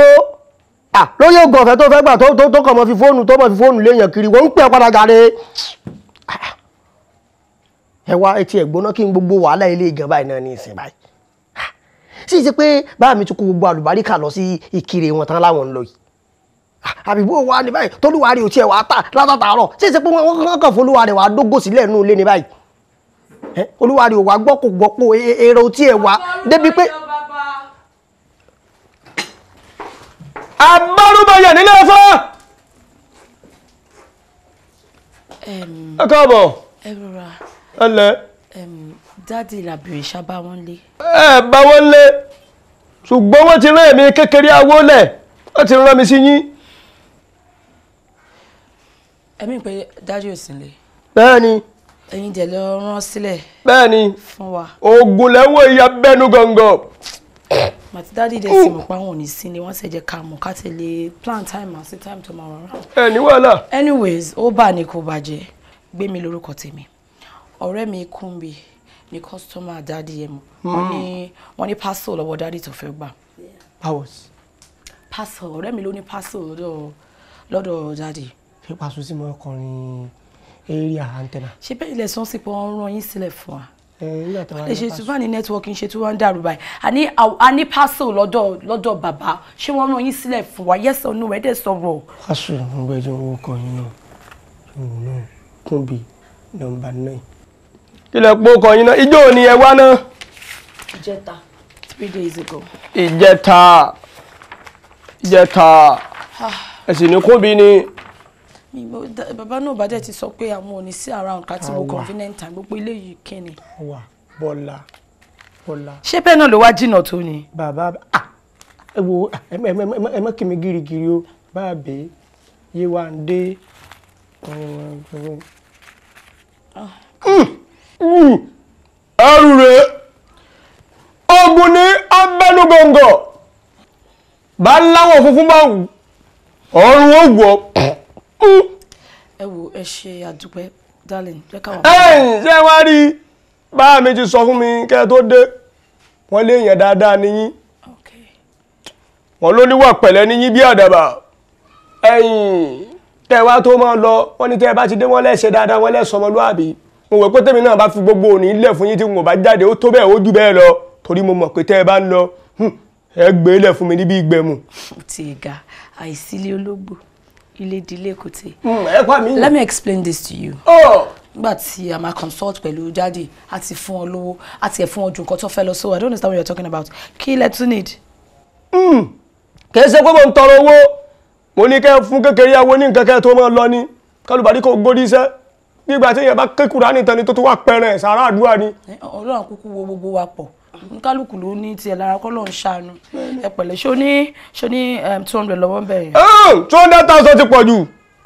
lórí ògùn ọ̀fẹ́ tó fẹ́ gbà tó kàn mọ́ fi fóònù tó mọ́ fi fóònù léèyàn kiri wọ́n ń pè padà jáde ẹ wá etí ẹ̀gbọ́ná kí n gbogbo wàhálà ilé ìjọba iná ní ìsìn báyìí sì ṣe pé báà mi tún kó gbogbo àlùbáríkà lọ sí ìkiri wọn tán láwọn ń lọ yìí àbíbó wa ní báyìí tólúwa rí òtí ẹ̀ wá tà látàtàárọ̀ sì ṣe pé wọ́n kàn fún olúwa rẹ̀ wá dógò sílẹ̀ nínú ilé ní báyìí olúwa rí òwà gbọ́ kò gbọ́ pò èrò òtí ẹ̀ wá débi pé. amárúbọyà nílé Ifá. ẹ káàbọ̀. ẹ rọra. ẹ lẹ. dáàdi làbìrìṣà bá wọn lé. ẹ bá wọn lé ṣùgbọ́n wọ́n ti rán èmi kékeré awó lẹ̀ wọ́n ti rán mi sí yín. ẹ̀mí pé dájú ò sílẹ̀. bẹ́ẹ̀ni. ẹ̀yin dẹ̀ lọ rán sílẹ̀. bẹ́ẹ̀ni. fún wa. oògùn lẹ́wọ̀ ìyá bẹ́nu gọ̀ǹgọ̀ màtí dáàdi dẹ̀ sì mọ̀ pé àwọn ò ní sí ni wọ́n ṣẹ̀jẹ̀ ká mọ̀ ká tẹ̀lé plan time àti time tó máa rọrùn. ẹ ní wàhálà. anyways ó bà ní kò bàjẹ́ gbé mi lórúkọ tèmi ọ̀rẹ́ mi kúmbi ni kọ́sítọ́mà dáàdi yẹn mọ̀ wọ́n ní hmm. pásítọ̀ lọ́wọ́ dáàdi tó fẹ́ gbà. powers. pásítọ̀ ọ̀rẹ́ mi ló ní pásítọ̀ lọ́dọ̀ lọ́dọ̀ dáàdi. ṣé pàṣẹ sí mọ́ ọkùnrin area antenna. ṣé bẹ́ẹ̀ ilẹ̀ sọ́ọ́sì si wọ́n rán yín sílẹ̀ fún wa. Eh, ṣe tún bá ní networking ṣe tún wá ń dàrú báyìí àní àní parcel lọ́dọ̀ lọ́dọ̀ bàbá ṣé wọ́n rán yín sílẹ̀ fún wa yẹ́sọ̀ nù ẹ̀ dẹ̀ sọ̀rọ̀. aṣọ ìgbẹ́jọ́ owó kan yín náà ìwọ̀n náà kúnbi nọ́mbà nine. kílẹ̀ pọ̀ kan yín náà ijó ni ẹ wá náà. ìjẹta three days ago. ìjẹta ìjẹta ah. ẹ̀sìn ní kúnbi ni bàbá náà bá dẹ̀ ti sọ pé àwọn ò sí ara nǹkan tí mo convenient time gbogbo ilé kí ni. àwa bọ́lá bọ́lá. ṣé bẹ́ẹ̀ náà ló wá jìnnà tó ni. bàbá ẹ wo ẹ mọ kí mi gírígírí o báàbí Yéwándé. ẹrù rẹ̀ ogun ní abẹnugọ̀ngọ̀ bá láwọn funfun bá wù ọrùn ó wù ọ ẹ wo ẹ ṣe àdúpẹ́ darling jẹ́ káwọn. ẹ̀yìn ṣé wàá rí i bá mi ti sọ fún mi kẹ́ ẹ tó dé wọ́n lé yẹn dáadáa níyín wọ́n ló níwà pẹ̀lẹ́ níyín bí àdàbà ẹ̀yìn tẹ́ wá tó máa lọ wọ́n ní tẹ́ ẹ bá ti dé wọ́n lẹ́sẹ̀ dáadáa wọ́n lẹ́sọ̀ ọmọlúàbí mo wẹ̀ pé tèmi náà bá fi gbogbo òní ilẹ̀ fún yín tí mo bá jáde ó tó bẹ́ẹ̀ ó jù bẹ́ẹ̀ lọ torí mo mọ̀ pé tẹ́ ẹ bá ń lọ ẹ gbé lẹ̀ fún mi níbi ìgbẹ̀mù. ti ga àìsílẹ̀ ológbò ilé ìdílé Èkúté. Mm, ẹ pa mí. let me explain this to you. Oh nígbà tí a máa consult pẹ̀lú jáde a ti fún ọ lówó a ti ẹ̀ fún ọ ju nǹkan tó fẹ́ lọ so I don't understand what you are talking about kí lẹ tún need. Mm. kì í ṣe pé mo ń tọrọ owó mo ní kẹ́ fún kékeré awo ní nǹkan kẹ́ tó mọ́ lọ ni kálùbárí kò gbórí iṣẹ́ nígbà tí èèyàn bá kékùrá nìtàn ni tó tún wà pẹ́rẹ́ sàrà àdúrà ni. Ọlọ́run kúkú wo gbogbo wa pọ̀ kálukú ló ní tiẹ̀ lára kọ́ ló ń ṣàánú ẹ pẹ̀lẹ́ ṣó ní ṣó ní two hundred lọ́wọ́ ń bẹ̀rẹ̀. Hmm, two hundred thousand ti pọ̀ jù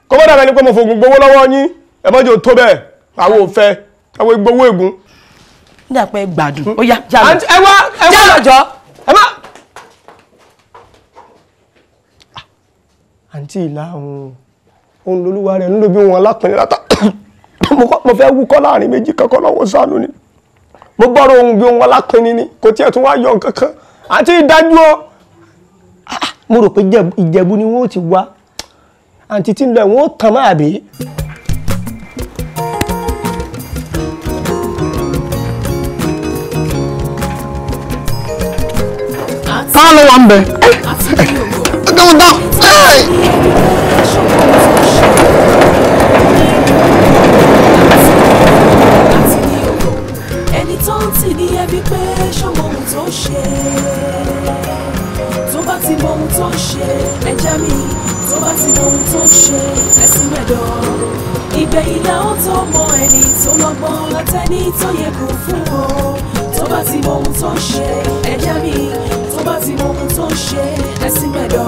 kó bá dàbẹ̀ ni pé mo fògùn gbowó lọ́wọ́ yín ẹ mọ́jọ tó bẹ́ẹ̀ àwọn òfẹ́ àwọn gbowó ègún. nígbà pé gbádùn hmm. ó yá jálọ jálọ jọ. àǹtí ìlà òun òun lolúwa rẹ̀ ń lò bí wọn lápẹ̀lẹ́ látà mo fẹ́ wúkọ́ láàrin méjì kankan lọ́wọ́ sánú ni mo gbọ́rọ̀ ohun bí ohun alápinni ni kò tiẹ̀ tún wá yọ nǹkan kan àti ìdájú ọ mo rò pé ìjẹ̀bú ni wọ́n ti wá àǹtí tí ń lọ ẹ̀wọ̀n ó tàn máa bèé. ta ló wà ń bẹ ẹ ẹ ẹ dẹ́wọ̀n dá ẹ. ọlọ́gbọ́n látẹ́ni tó yẹ kó fún o tó bá ti mọ ohun tó ń ṣe ẹja mi tó bá ti mọ ohun tó ń ṣe ẹsìn mẹ́dọ̀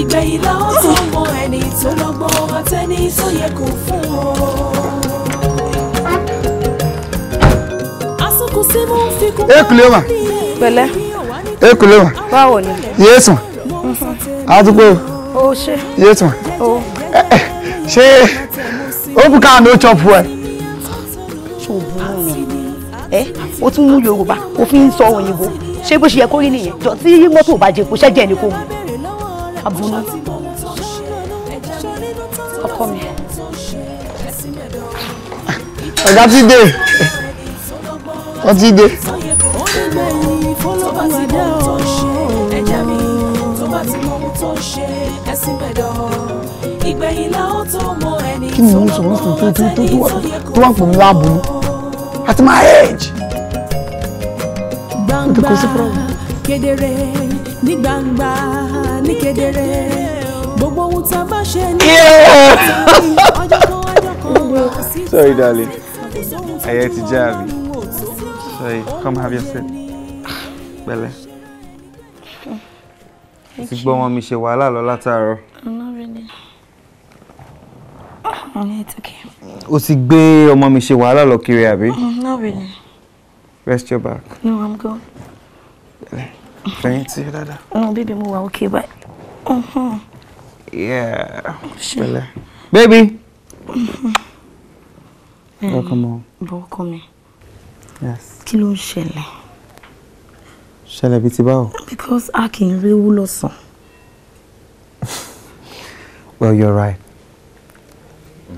ìgbẹ̀yìn làwọn tó mọ ẹni tó lọ́gbọ́n látẹ́ni tó yẹ kó fún o. ekule ma pẹ̀lẹ́ ekule ma báwo ni yéésù àdúgbò ó ṣe yéésù ṣe ó bùkà ní ó chop well. ó tún mú yorùbá òfin sọ òyìnbó ṣé bó ṣe yẹ kó rí nìyẹn jọ tí mọ́tò bá jẹ kó ṣẹ́jẹ̀ ni kò mú abúlé ọkọ mi. ọ̀gá ti dé wọ́n ti dé. kí ni mo sọ̀rọ̀ fún tó tó tó tó wà fún mi láàbù my age ní gbangba kedere ní gbangba sorry darling I hate to mi sorry come have your seat Bella. ti gbọ́ wọn mi ṣe wàhálà lọ látàárọ̀. o ti gbé ọmọ mi ṣe wàhálà lọ kiri àbí. Not really. rest your back. no i'm good. Ẹyin tí dada. Bébí mo wà okay báyìí. Uh-huh. Pẹ̀lẹ́. Baby. Mm-hmm. Welcome home. Bọ́kọ mi. Yes. Kí ló ń ṣẹlẹ̀? Ṣẹlẹ̀ bíi ti báwo? Because a kì í réwú lọ́sàn-án. Well, you're right.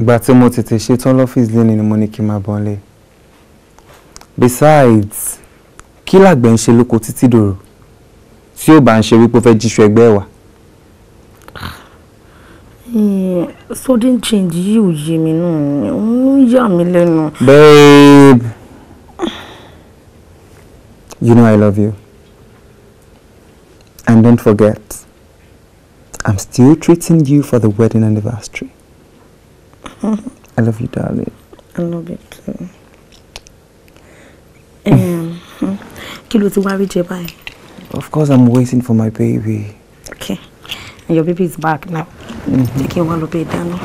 But tí mo tètè ṣetán lọ́fíìsì lé ni mo money kí n Besides kí làgbẹ̀ ń ṣe lóko títí dòrò tí ó bá ń ṣe wípé ó fẹ́ jíṣu ẹgbẹ́ wa. Hmm, sudden change yìí ò yé mi náà òun yà mí lẹ́nu. babe you know I love you and don't forget I'm still treating you for the wedding anniversary. I love you darling. I love you too. Um, hmm kí ló ti wá rí jẹ báyìí. of course i'm waiting for my baby. okay and your baby is back now. Mm-hmm. jẹ́ kí n wá lọ bẹ́ẹ̀ dáná.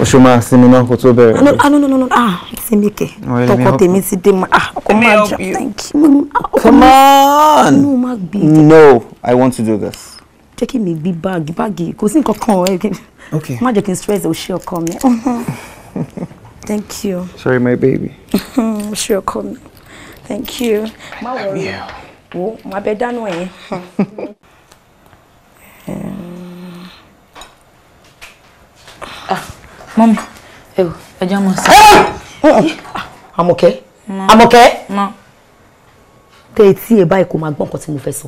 o ṣe máa sinmi náà kó tó bẹ̀rẹ̀. ah no ah, no no no ah sinmi kẹ oh, tọkọ tèmi ti dé ma ah ọkọ máa jà thank you. Ah, come on no i want to do this. jẹ́ kí mi gbé báàgì báàgì kò sí nǹkan kan ọ̀rẹ́ eh, mi má jẹ́ kí n stress ẹ̀ o ṣe ọkọ mi. thank you. sorry my baby. o ṣe ọkọ mi. Thank you. I Má love worry. you. Wo, má bẹ dáná yẹn. Ah, mommy. Ẹ I'm okay. jẹ́ mọ̀ sí. Àmọ̀kẹ́. Àmọ̀kẹ́. Ma. Tẹ́ etí ẹ báyìí kò máa gbọ́ nǹkan tí mo fẹ́ sọ.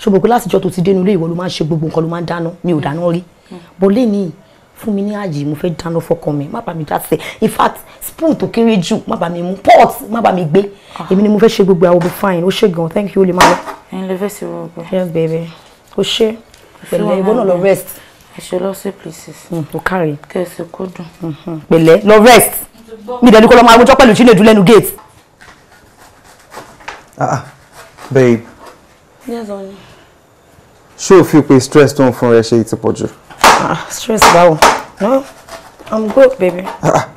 Ṣùgbọ́n pé látijọ́ tó ti dénú ilé ìwọ ló máa ń gbogbo nǹkan ló máa ń dáná mi ò dáná rí. Hmm. Bọ̀lé ni fún mi ní ààyè mo fẹ́ dáná fọkàn mi má bà mí dáṣẹ in fact spoon tó kéré jù má bà mí mú pot má bà mí gbé ah. èmi ni mo fẹ́ ṣe gbogbo àwọn òbí fine ó ṣe gan thank you ó lè má lọ. ẹyin lè fẹ́ sí wọ́n yes baby ó ṣe pẹ̀lẹ́ ìwọ náà lọ rest. ẹ̀ṣẹ̀ lọ sí places. o hmm, káre. kẹ̀sì kó dùn. Hmm, pẹ̀lẹ́ lọ rest mi dẹ̀ kó lọ́ máa rojọ́ pẹ̀lú Chinedu lẹ́nu gate. Ah, ah babe. yes honey. ṣé o fi pe stress tó ń fún rẹ ṣe ti pọ̀ Ah, stress báwo. No, I'm good, baby.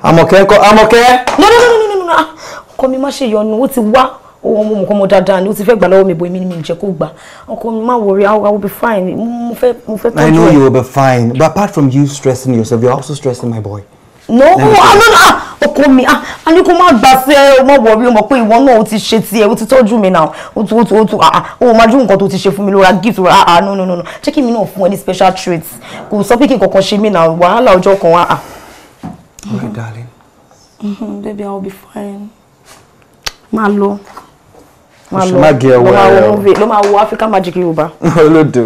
I'm okay. I'm okay. No, no, no, no, no, no. no. Come ah, má ṣe yọnu, ó ti wá. Owó mo mọ̀ kọ́ mo dáadáa ni, ó ti fẹ́ gbà lọ́wọ́ mi bo èmi ni mi jẹ́ kó gbà. Ọkọ mi má worry, I will be fine. Mo fẹ́ mo fẹ́ I know you will be fine, but apart from you stressing yourself, you're also stressing my boy no oh, ah, ah, ọkọ mi ah a ní kó má gbà sí ẹ o mọ̀ wọ̀rí o mọ̀ pé ìwọ náà o ti ṣe tiẹ̀ o ti tọ́jú mi náà o tún o tún o tún ah, ah o máa dún nǹkan tó ti ṣe fún mi lóra gift rà ah no no no jẹ́ kí No, náà fún ẹ ní special treat kò sọ pé kí nǹkan kan ṣe mí náà wàhálà ọjọ́ kan wá ah. my darling. Mm-hmm, baby i will be fine. máa lọ máa lọ lọ máa wo lọ máa wo African Magic Yorùbá. olódò.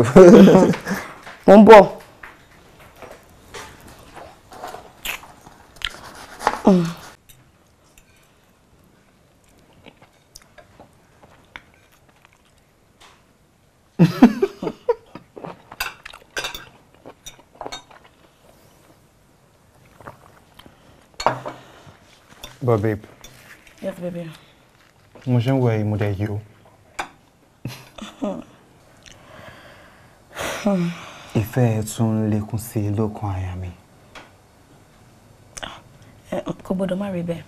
mo ń bọ̀. Hm. But babe. Yes, baby. Mo ṣe ń wẹ̀ mo dẹ̀ yìí o. Ìfẹ́ ẹ tún lékún sí mi kò gbọ́dọ̀ má rí bẹ́ẹ̀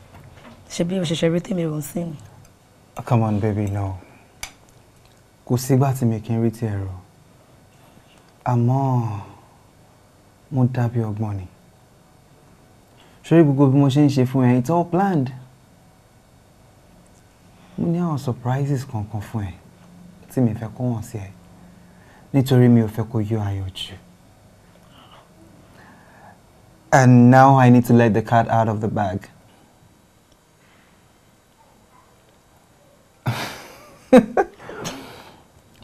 ṣebí òṣìṣẹ́ rí tèmi rò ń sìn. Oh, come on baby no kò sígbà tí mi kì í rí tiẹ̀ rò àmọ́ mo dàbí ọgbọ́n ni sórí gbogbo bí mo ṣe ń ṣe fún ẹ it's all planned mo ní àwọn surprises kankan fún ẹ tí mi fẹ́ kó wọ́n sí ẹ nítorí mi ò fẹ́ kó yọ ayọ̀ jù. And now I need to let the cat out of the bag.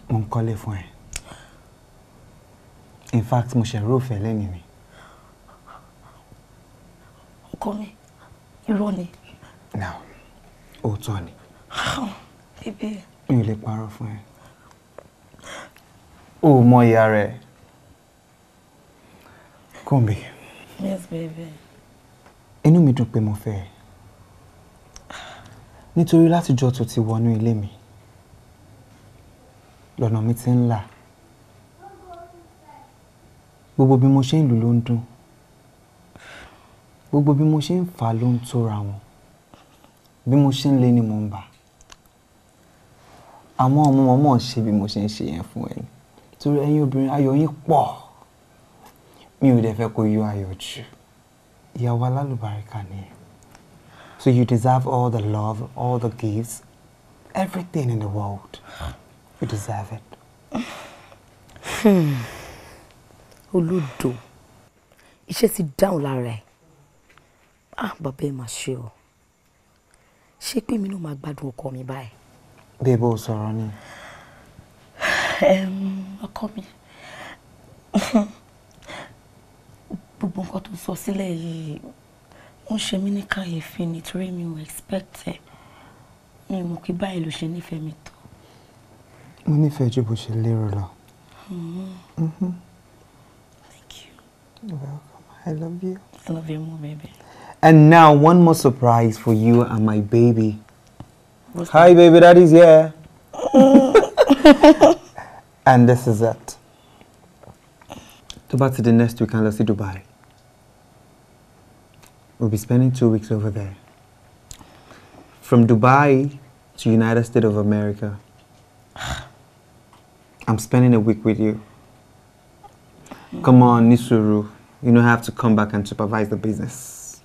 Mo ń kọ́lé fún In fact, mo ṣe róòfẹ́ lẹ́nu mi. Ọkọ mi, irọ́ ni. Now, oh Tony, baby, you ò lè parọ́ fún ẹ. O ò mọ ìyá rẹ̀. Yes, baby. Inú mi dùn pé mo fẹ́ ẹ. Nítorí látijọ́ tó ti wọnú ilé mi, lọ́nà mi ti ń là. Gbogbo bí mo ṣe ń lù ló ń dún. Gbogbo bí mo ṣe ń fà ló ń tóra wọn. Bí mo ṣe ń lé ni mò ń bà. Àmọ́ ọmọ mọ̀ọ́mọ̀ ṣe bí mo ṣe ń ṣe yẹn fún ẹni. Torí ẹ̀yin obìnrin ayọ̀ yín pọ̀ mi ò dẹ̀ fẹ́ kó yọ ayọ̀ jù ìyàwó alálùbáríkà ni so you deserve all the love all the gifts everything in the world you deserve it. Hmm. olódò iṣẹ́ ti dáhùn lára ẹ̀ ah bàbá ẹ̀ máa ṣe o ṣé pé mi náà máa gbádùn ọkọ mi báyìí. bébà ò sọ̀rọ̀ ni. ọkọ mi. gbogbo nǹkan tó sọ sílẹ̀ yìí wọ́n ṣe mí ní kàyéfì nítorí mi ò expect ẹ̀ mi ò mọ̀ pé báyìí ló ṣe nífẹ̀ẹ́ mi tó. mo nífẹ̀ẹ́ ju bó ṣe lérò lọ. Mm-hmm. Mm-hmm. thank you. you're welcome i love you. i love you more baby. and now one more surprise for you and my baby. What's hi that? baby daddy's here. and this is it. tó bá ti di next week kan lọ sí Dubai. We'll be spending two weeks over there. From Dubai to United States of America. I'm spending a week with you. Come on, Nisuru. You don't have to come back and supervise the business.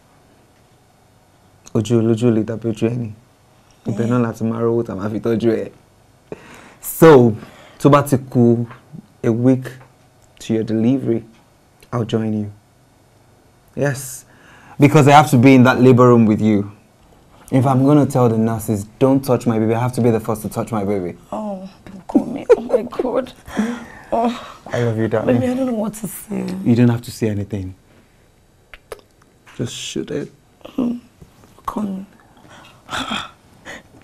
Eh? ẹ. So, tó bá a week to your delivery, I'll join you. Yes, because I have to be in that labor room with you. If I'm going to tell the nurses, don't touch my baby, I have to be the first to touch my baby. Oh, don't call me. Oh, my God. Oh. I love you, darling. Baby, I don't know what to say. You don't have to say anything. Just shoot it. Mm. Call me.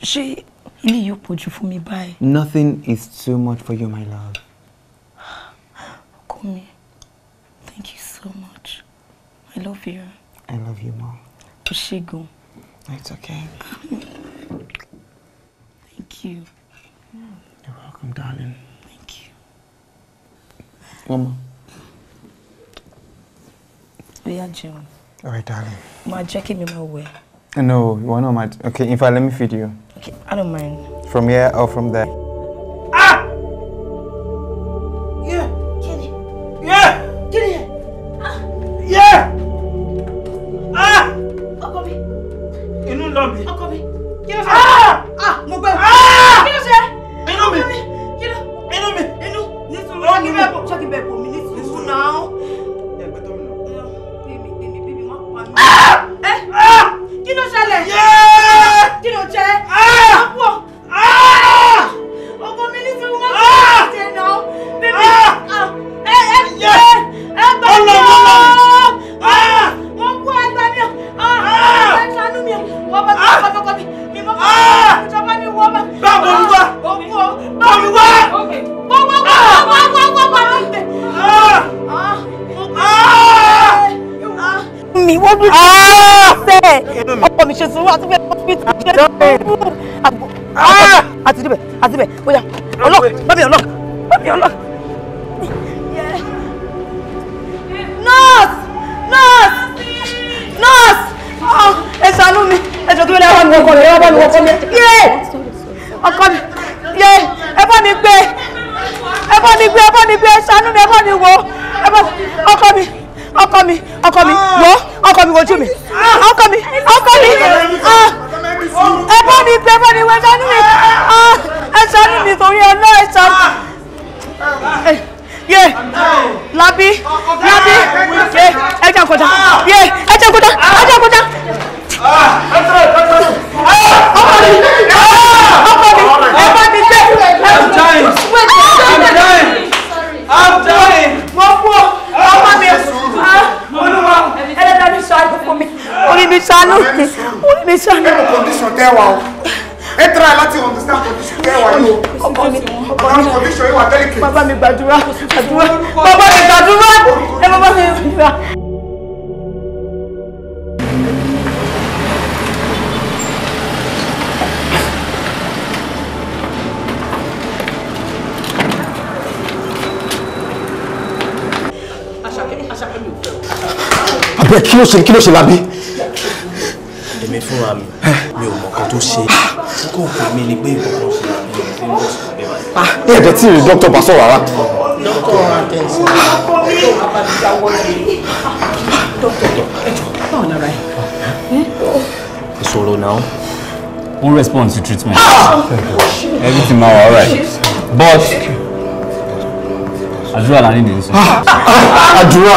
She, you put you for me by. Nothing is too much for you, my love. Call me. Thank you so much. I love you. I love you Mom. Toshigo. It's okay. Thank you. You're welcome, darling. Thank you. Mama. We are Jim. All right, darling. My jacket, in my way. No, you want not my. Okay, in fact, let me feed you. Okay, I don't mind. From here or from there? mi wọ́n ah! bí ṣe ọkọ mi ṣe sùúrù àti bẹ́ẹ̀ wọ́n bí ṣe sùúrù àti bẹ́ẹ̀ àti bẹ́ẹ̀ bóyá ọlọ́k bábí ọlọ́k bábí ọlọ́k. nọ́ọ̀sì nọ́ọ̀sì nọ́ọ̀sì ẹ ṣàánú mi ẹ jọ kí mi lẹ́wọ́ mi ọkọ mi lẹ́wọ́ mi ọkọ mi yé ọkọ mi yé ẹ bá mi gbé ẹ bá mi gbé ẹ bá mi gbé ṣàánú mi ẹ bá mi wò ẹ bá ọkọ mi ọkọ mi ọkọ mi ah! wò come you want How come me? How come me? Ẹ bọ́ mi pé bọ́ mi wẹ́ sánú mi. Ẹ sánú mi torí ẹ náà ẹ sánú. Yé labi labi yé ẹ jẹ́ àkọ́jà yé ẹ jẹ́ àkọ́jà ẹ jẹ́ àkọ́jà. Ọkọ Ah! ọkọ mi ẹ bá mi pé. I'm dying. I'm dying. I'm dying. Mo fún ọ, ọmọ mi olúwa ẹlẹ́dàá mi ṣàánú fún mi orí mi ṣàánú orí mi ṣàánú. nínú condition tẹ́ wa o ẹ tẹ́ra láti understand condition tẹ́ wa yìí o ọ̀nà condition yìí wà delicate. bàbá mi gbàdúrà gbàdúrà bàbá mi gbàdúrà ẹ bàbá mi gbàdúrà. bẹ́ẹ̀ kí ló ṣe kí ló ṣe lábí. èmi fúnra mi mi ò mọ̀ kan tó ṣe tí kò pè mí ni pé ìbọ̀kan ṣe àbí ọ̀sẹ̀ ọ̀sẹ̀ ẹ̀ẹ́dẹ̀ tí rí dókítà bá sọ̀rọ̀ rárá. dókítà àtẹ̀sí dókítà báwo lára ẹ̀. ìṣòro náà wọ́n respond to treatment ah! everything ma alright but àdúrà la ní ìdí nísìnyí. Ah, ah, àdúrà.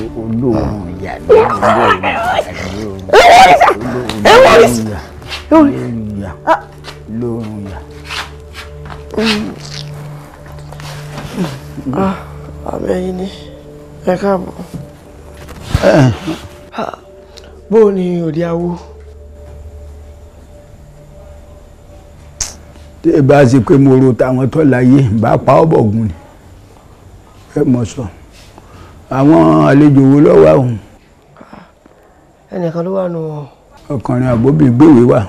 pé olóòórùn ìyá ni olóòórùn ìyá olóòórùn ìyá olóòórùn ìyá olóòórùn ìyá. àmì ẹ̀yin ni ẹ káàbọ̀ eh. ah, bó ni òde awo. tí ẹ bá ṣe pé mo ro tàwọn tó láyé bá pa ọ́ bọ̀gùn ni ẹ mọ̀ sọ àwọn àlejò wo ló wà òun. Ah, ẹnìkan ló wà nù. ọkùnrin àbóbí gbèwé wà.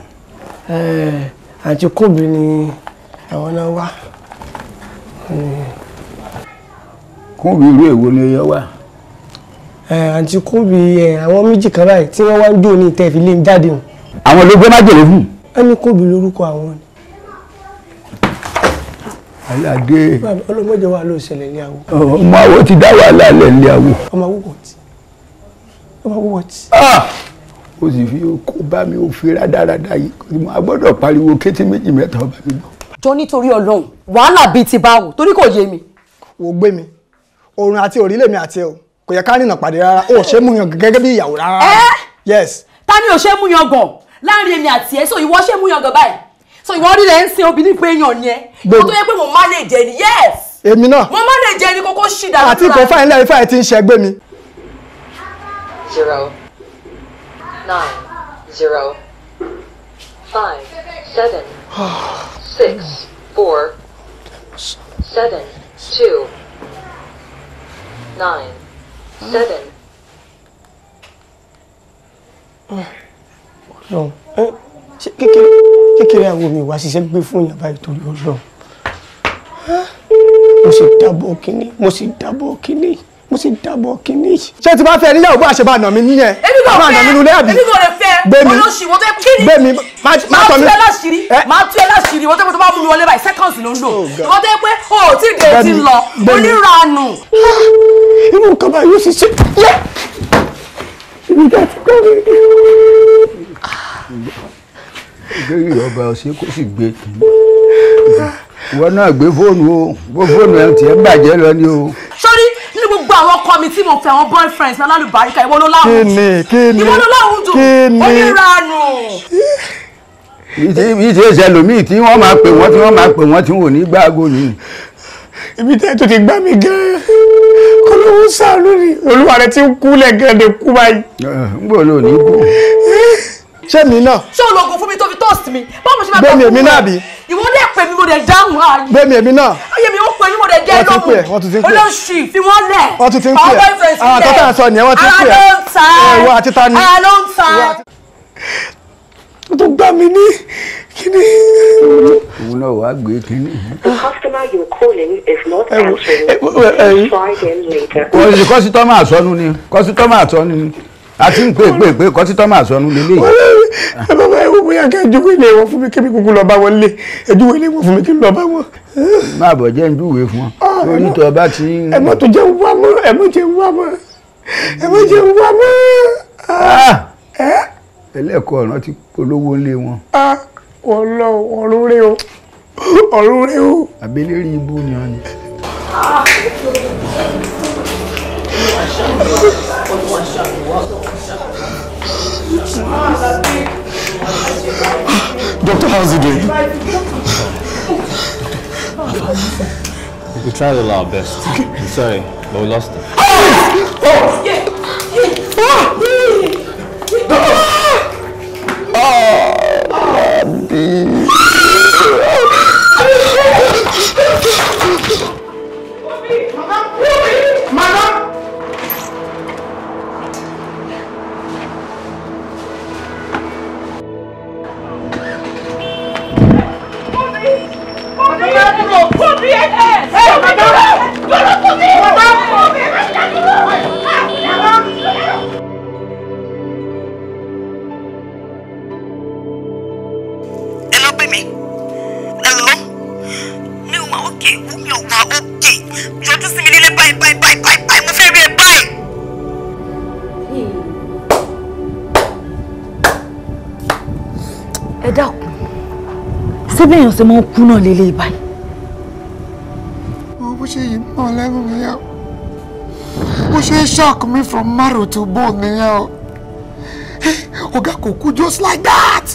Eh, àti kóbi ni àwọn náà wà. kóbi irú èwo ni yọ wà. Eh, àti kóbi eh, àwọn méjì kan báyìí tí wọ́n wá ń jó ní ìtẹ́fìlẹ́ jáde. àwọn ló gbé májèlé fún. ẹni kóbi lórúkọ àwọn ni aládé. ọlọmọdé wa ló ṣẹlẹ̀ ilé awo. ọmọ awo ti dá wàhálà lẹ̀ ilé awo. ọmọ awo wọ̀ tí ọmọ awo wọ̀ tí. o ah! sì fi kó bá mi ò fi rádaràda yìí mo gbọ́dọ̀ pariwo kété méjì mẹ́ta ọba mi gbọ́. jọ nítorí Ọlọ́run wàhálà bíi ti báwo torí kò yé mi. wò gbé mi oorun àti òrílẹ̀ mi àti ẹ̀ kò yẹ ká rìnà pàdé rárá o ò ṣe é mú yan gẹ́gẹ́ bí ìyàwó rárá. Eh? ta ni ò ṣe é mú yan gan láàrin èmi àti ẹ so ìwọ ṣe é mú yan gan báyìí so ìwọ rí rẹ̀ ń sin obìnrin pé èèyàn ni ẹ ìwọ tó yẹ pé mo má lè jẹ ni yes. èmi náà mo má ni kókó ṣì dáadáa. àti ìkó fáìn lẹ́yìn fáìn ti ń mi. zero nine zero five seven six four seven two nine seven. Oh. No. Eh ṣé kékeré kékeré àwọn mi wá ṣiṣẹ́ gbé fún ìyàbá ìtòrí ọlọ́run mo sì dábọ̀ kínní mo sì dábọ̀ kínní mo sì dábọ̀ kínní. ṣé tí bá fẹ́ níyàwó bá ṣe bá nà mí nìyẹn. èmi kò fẹ́ èmi kò lè fẹ́ olóṣìwò tó yẹ kí ni máa tú ẹ láṣìírí máa tú ẹ láṣìírí wọ́n tó kó tó bá mú mi wọlé báyìí seconds ló ń lò wọ́n tó yẹ pé o ò tí ì dé ti lọ oníranù. irú nǹkan báyìí yóò sì ṣe yẹ ìrìndà ti kọ́ mi ìgbéyìí ọba ọ̀sẹ̀ kó sì gbé ìwọ náà gbé fóònù o bó fóònù ẹ tiẹ̀ bàjẹ́ lọ ni o. sórí ní gbogbo àwọn ọkọ mi tí mo fẹ́ àwọn boyfriends náà lálùbáríkà ìwọ ló láwùjọ kí ni kí ni ìwọ ló láwùjọ onírànù yìí ti ṣe lòmíì tí wọ́n máa pè wọ́n tí wọ́n máa pè wọ́n tí wọ́n ní gbáàgò ni. ibi tẹ́ tó ti gbá mi gan-an olówó sàánú ni olúwa rẹ ti ń kú lẹ́gẹ̀ẹ́dẹ̀ kú báyìí. n gbọ́dọ̀ ní kú ṣé mi náà. ṣé ológun fún mi tó fi mi báwo mo ṣe máa bá fún mi náà ìwọ dẹ pè mí mo dẹ dáhùn ààyè. bẹ́ẹ̀ mi èmi náà. ayé mi ó pè mí mo dẹ jẹ́ lóhùn olóṣì fi wọ́n lẹ̀. wọ́n ti pè é àwọn àtọ́tà ń sọ wọ́n ti pè é. ara ló ń ta òun náà wàá gbé kíní. the customer you calling is not answering. try again later. kọ́sítọ́mà àsọnù ni kọ́sítọ́mà àsọnù ni àti ń pè pè pé kọ́ títọ́ máa sọnù lélẹ̀ yìí. ẹ bàbá ẹ wò bóyá kí ẹjú wílé wọn fún mi kí mi kúkú lọ bá wọn lé ẹjú wílé wọn fún mi kí n lọ bá wọn. má bọ̀ jẹ́ ń júwèé fún ọ lórí ah, tó bá ti ń. ẹ mọ̀ tó jẹ́ wá mọ́ ẹ mọ̀ jẹ́ wá mọ́ ẹ mọ̀ jẹ́ wá mọ́. Ah! Ah, ẹlẹ́kọ̀ọ́ ọ̀ràn ti polówó lé wọn. ọ̀run rẹ o ọ̀run rẹ o. àbẹ́lẹ́rì ibú ni ọ ni. Thank you. Doctor, how's he doing? We tried all our best. I'm sorry, but we lost him. Oh! Oh! ṣé bẹ́ẹ̀ yàn ṣe máa ń kú náà lélẹ́yìí báyìí ṣe yìí mọ́ lẹ́nu nìyẹn o bó ṣe shock me from marrow to bone nìyẹn o ọ̀gá kò kú just like that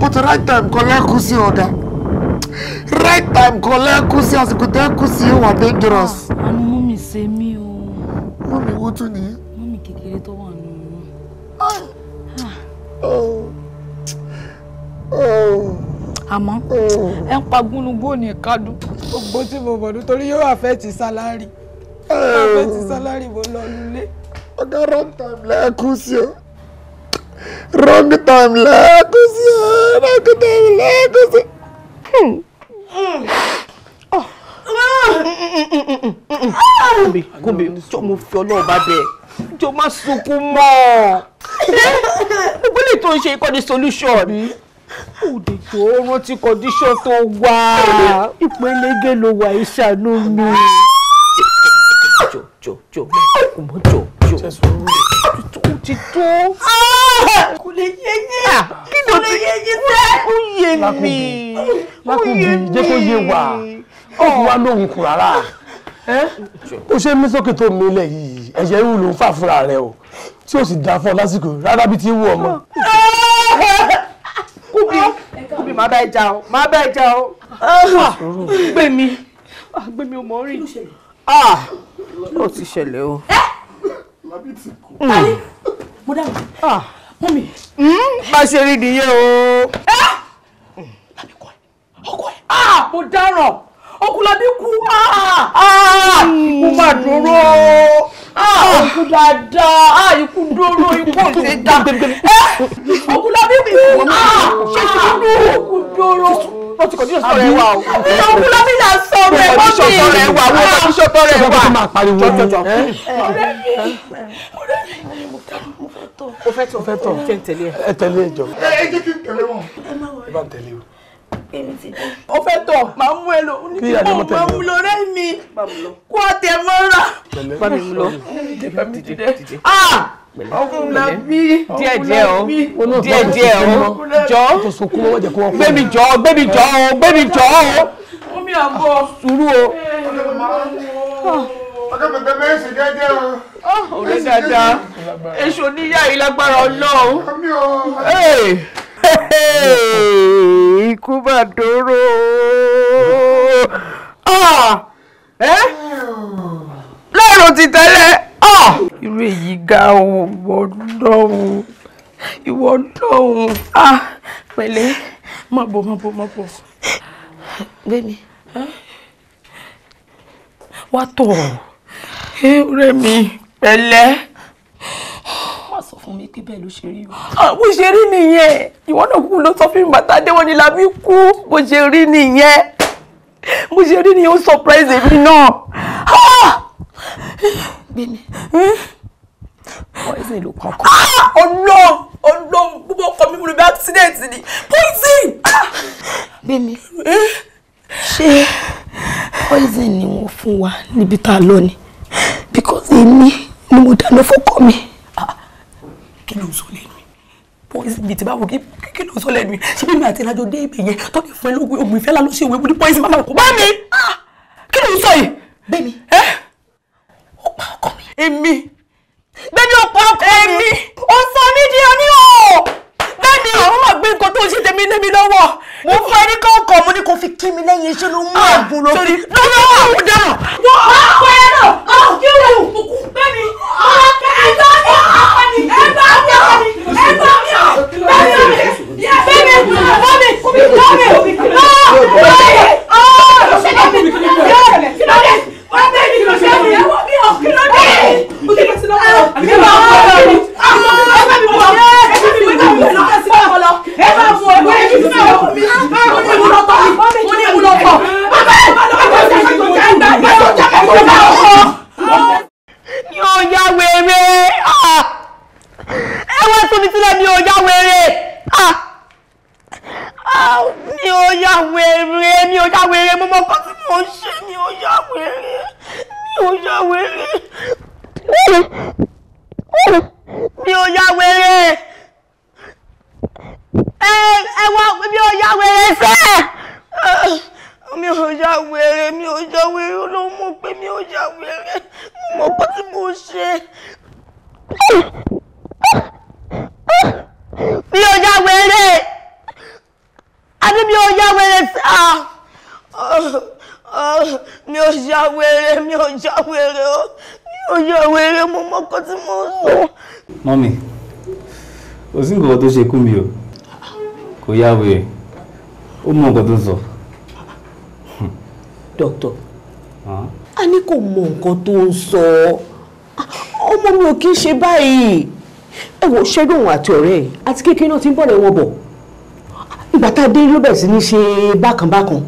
but right time kọ́ lẹ́kùn sí ọ̀gá right time kọ́ lẹ́kùn sí àsìkò tẹ́kùn sí wà dangerous. Ah, àánú mú mi ṣe mí o. mú mi wú tún nìyẹn. mú mi kékeré tó wà nù. Ah. Ah. Oh. Oh. àmọ́ oh. ẹ ń pa gúnlùgbò ní ìkádùn gbogbo tí mo mọ̀ nítorí yóò àfẹ́ẹ̀tì sálárì àfẹ́ẹ̀tì sálárì mo lọ nílé. ọ̀gá wrong time lẹ́ẹ̀kú sí o wrong time lẹ́ẹ̀kú sí o wrong time lẹ́ẹ̀kú sí o. kòbí kòbí jọ mo fi ọlọ́run bá bẹ̀ jọ má sunkún mọ́ ọ. gbogbo lè tó ń ṣe ìkọ́ni solution òde tó rántí condition tó wà ipò elége ló wà ìṣàánú mi. jọ jọ jọ kò mọ jọ jọ ó ti tó. kò lè yé yín ah, kò lè yé yín tẹ́. ó yé mi ó yé mi jẹ́ kó yé wa ó fi wá lóhùn kù rárá ó ṣe mí sókè tó mi lẹ̀ yìí ẹ̀jẹ̀ ríru ló ń fà fúnra rẹ̀ o tí ó sì dáa fún ọ lásìkò rárá bí ti ń ọmọ kúbi kúbi má bá ẹ jà o má bá jà o ah, ah, gbé mi ah, gbé mi ò mọ̀ rí ó ti ṣẹlẹ̀ o. Hmm. mo dá mọ́ mi. Hmm, bá a ṣe rí nìyẹn o. ọkọ ẹ ọkọ mo dáràn. Ọkùnlábí kú ikú ah, ah, má dúró ikú ah, dáadáa ikú dúró ikú ò sí dá Ọkùnlábí eh, kú ikú dúró wọ́n ti kọ̀díṣọ̀ sọ̀rọ̀ ẹ̀wà o. Ọkùnlábí là ń sọ̀rọ̀ ẹ̀wà mi. wọ́n kọ̀díṣọ̀ sọ̀rọ̀ ẹ̀wà wọ́n kọ̀díṣọ̀ sọ̀rọ̀ ẹ̀wà. ọ̀rẹ́ mi ọ̀rẹ́ mi mo fẹ́ tọ̀. mo fẹ́ tọ̀. ẹ tẹ̀lé ẹ jọ. ẹ jẹ́ kí n tẹ̀lé wọn. ẹ má wọlé. ẹ bá ń tẹ̀lé o èmi ti dé. ó fẹ́ tọ̀ máa mú ẹ lọ ní kí mo máa mú lọ rẹ́ mi kó tẹ mọ́ra. bá mi mú lọ ọkùnrin bí díẹ̀ díẹ̀ o díẹ̀ díẹ̀ o jọ gbẹmí jọ gbẹmí jọ o gbẹmí jọ o omi àbọ̀ sùúrù o. ọjọ́ pẹ̀lú bẹ́ẹ̀ sì jẹ́jẹ́ o. Ah, ọ̀rẹ́ dáadáa èso níyà yìí lágbára ọlọ́run ikú bá dóró lẹ́rù ti tẹ́lẹ̀ ah, irú èyí ga ohun ìwọ dọ́hun ìwọ dọ́hun ah, pẹ̀lẹ́ mọ̀ bọ̀ mọ̀ bọ̀ mọ̀ bọ̀ gbẹ̀mí eh? wá tọ̀ eh, ọ̀rẹ́ mi pẹ̀lẹ́ fún mi pé bẹ́ẹ̀ ló ṣe rí o. Ah, bó ṣe rí nìyẹn ìwọ náà kúkú ló sọ fún mi bàtà déwọ́n ni làbí kú bó ṣe rí nìyẹn bó ṣe rí nìyẹn ó surprise èmi náà. Ah! gbẹ̀mí hmm? poison ló kàn kọ́. Ah! ọlọ́run ọlọ́run gbogbo ọkọ mi mo lè bá accident ni poison. gbẹ̀mí hmm? ṣé poison ni wọ́n fún wa níbi tá a lọ ni because èmi ni mo dáná fọ́kọ mi kí ló ń sọ lẹ́nu poison bíi ti báwo kí ló ń sọ lẹ́nu ṣé bí mi àti ìlàjọ dé ibẹ̀ yẹn tó ti fún ẹ lóògùn ògùn ìfẹ́ la ló ṣe òwe ní poison mama kò bá mi ah! kí ló ń sọ yìí. bẹ́ẹ̀ni ó pa ọkọ mi. èmi bẹ́ẹ̀ni ó pa ọkọ mi. èmi ó sọ mí di mi àwọn máa gbé nǹkan tó ṣe tèmi lé mi lọ́wọ́. mo fẹ́ ní kọ́kọ́ mo ní kó fi kí mi lẹ́yìn iṣẹ́ ló mú àgùn ah, lọ. sori lọ́wọ́ àwọn ọ̀daràn. wọ́n á kọ ẹ lọ àwọn ah, kí wù kúkú bẹ́ẹ̀ni ọ̀rọ̀ ẹ̀dọ́ ni ọ̀pọ̀ ni ẹ̀dọ́ ni ọ̀pọ̀ ni ẹ̀dọ́ ni ọ̀pọ̀ ni bẹ́ẹ̀ni bọ́ọ̀mì bọ́ọ̀mì bọ́ọ̀mì bọ́ọ̀mì bọ́ọ̀mì ọbẹ̀ mi ló ṣe mí ẹ̀wọ̀n mi ò kí ló dé. o kì í sí lọ́kọ̀ lọ. ẹ máa mú ọ̀rọ̀ mi. ẹ máa mú ọ̀rọ̀ mi. ẹ máa mú ọ̀rọ̀ mi. ẹ máa mú ọ̀rọ̀ mi. ẹ máa mú ọ̀rọ̀ mi. ẹ máa mú ọ̀rọ̀ mi. ẹ máa mú ọ̀rọ̀ mi. mo ní ìwúlò pọ̀. bàbá ẹ̀ máa lọ́kọ̀ sí ẹ̀ṣẹ̀ tó jẹ́ ẹ̀gbẹ́ tó jẹ́ ẹ̀gbẹ́ tó jẹ́ ni o ya wèrè ẹ wá tóbi sílẹ̀ ni o ya wèrè mi ò yá wèrè mi ò yá wèrè mo mọ nǹkan tí mo ń ṣe mi ò yá wèrè mi ò yá wèrè mi ò yá wèrè ẹ ẹ mi ò yá wèrè sẹ́ẹ̀ mi ò yá wèrè mi ò yá wèrè ló mọ̀ pé mi ò yá wèrè mo mọ nǹkan tí mo ń ṣe mi ò yá wèrè àbí mi ò ya wèrè sá mi ò ya wèrè mi ò ya o mi ò ya wèrè mo mọ nǹkan tí mo sọ. mọ́mì kò sí nǹkan tó ṣe kú mi o kò ya wèrè ó mọ nǹkan tó sọ. dókítà a ní kò mọ nǹkan tó ń sọ ọmọ mi ò kí ń ṣe báyìí ẹ wo ṣẹ́gun àti ọ̀rẹ́ ẹ̀ àti kékeré náà ti ń bọ̀ lẹ́wọ̀n bọ̀ ìgbà tá a dé ló bẹ̀rẹ̀ sí ní ṣe bákanbákan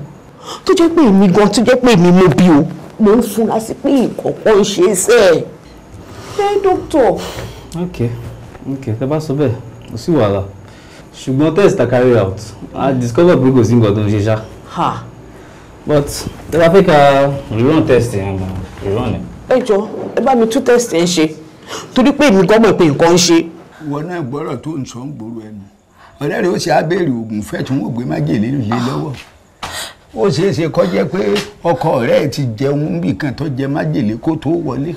tó jẹ́ pé èmi gan tó jẹ́ pé èmi mo bí o mo ń fura sí pé ìkọ̀kọ̀ ń ṣe iṣẹ́ ẹ̀. ṣé dókítà. ok ok tẹ bá sọ bẹ́ẹ̀ kò sí wàhálà ṣùgbọ́n test are carried out a discover pé kò sí nǹkan ṣe ṣá. but tẹ bá fẹ́ ka rerun test yẹn gan rerun ni. ẹ jọ ẹ bá mi tún test yẹn ṣe torí pé èmi gan mọ̀ pé nǹkan ń ṣe. ìwọ náà gbọ́dọ̀ tó ń sọ ń gbòòrò ẹnu ọlẹ́rìí ó ṣe abéèrè oògùn fẹ́ tí wọ́n gbé májèlé lé lọ́wọ́ ó ṣeé ṣe kó jẹ́ pé ọkọ rẹ̀ ti jẹun bí kan tó jẹ májèlé kó tó wọlé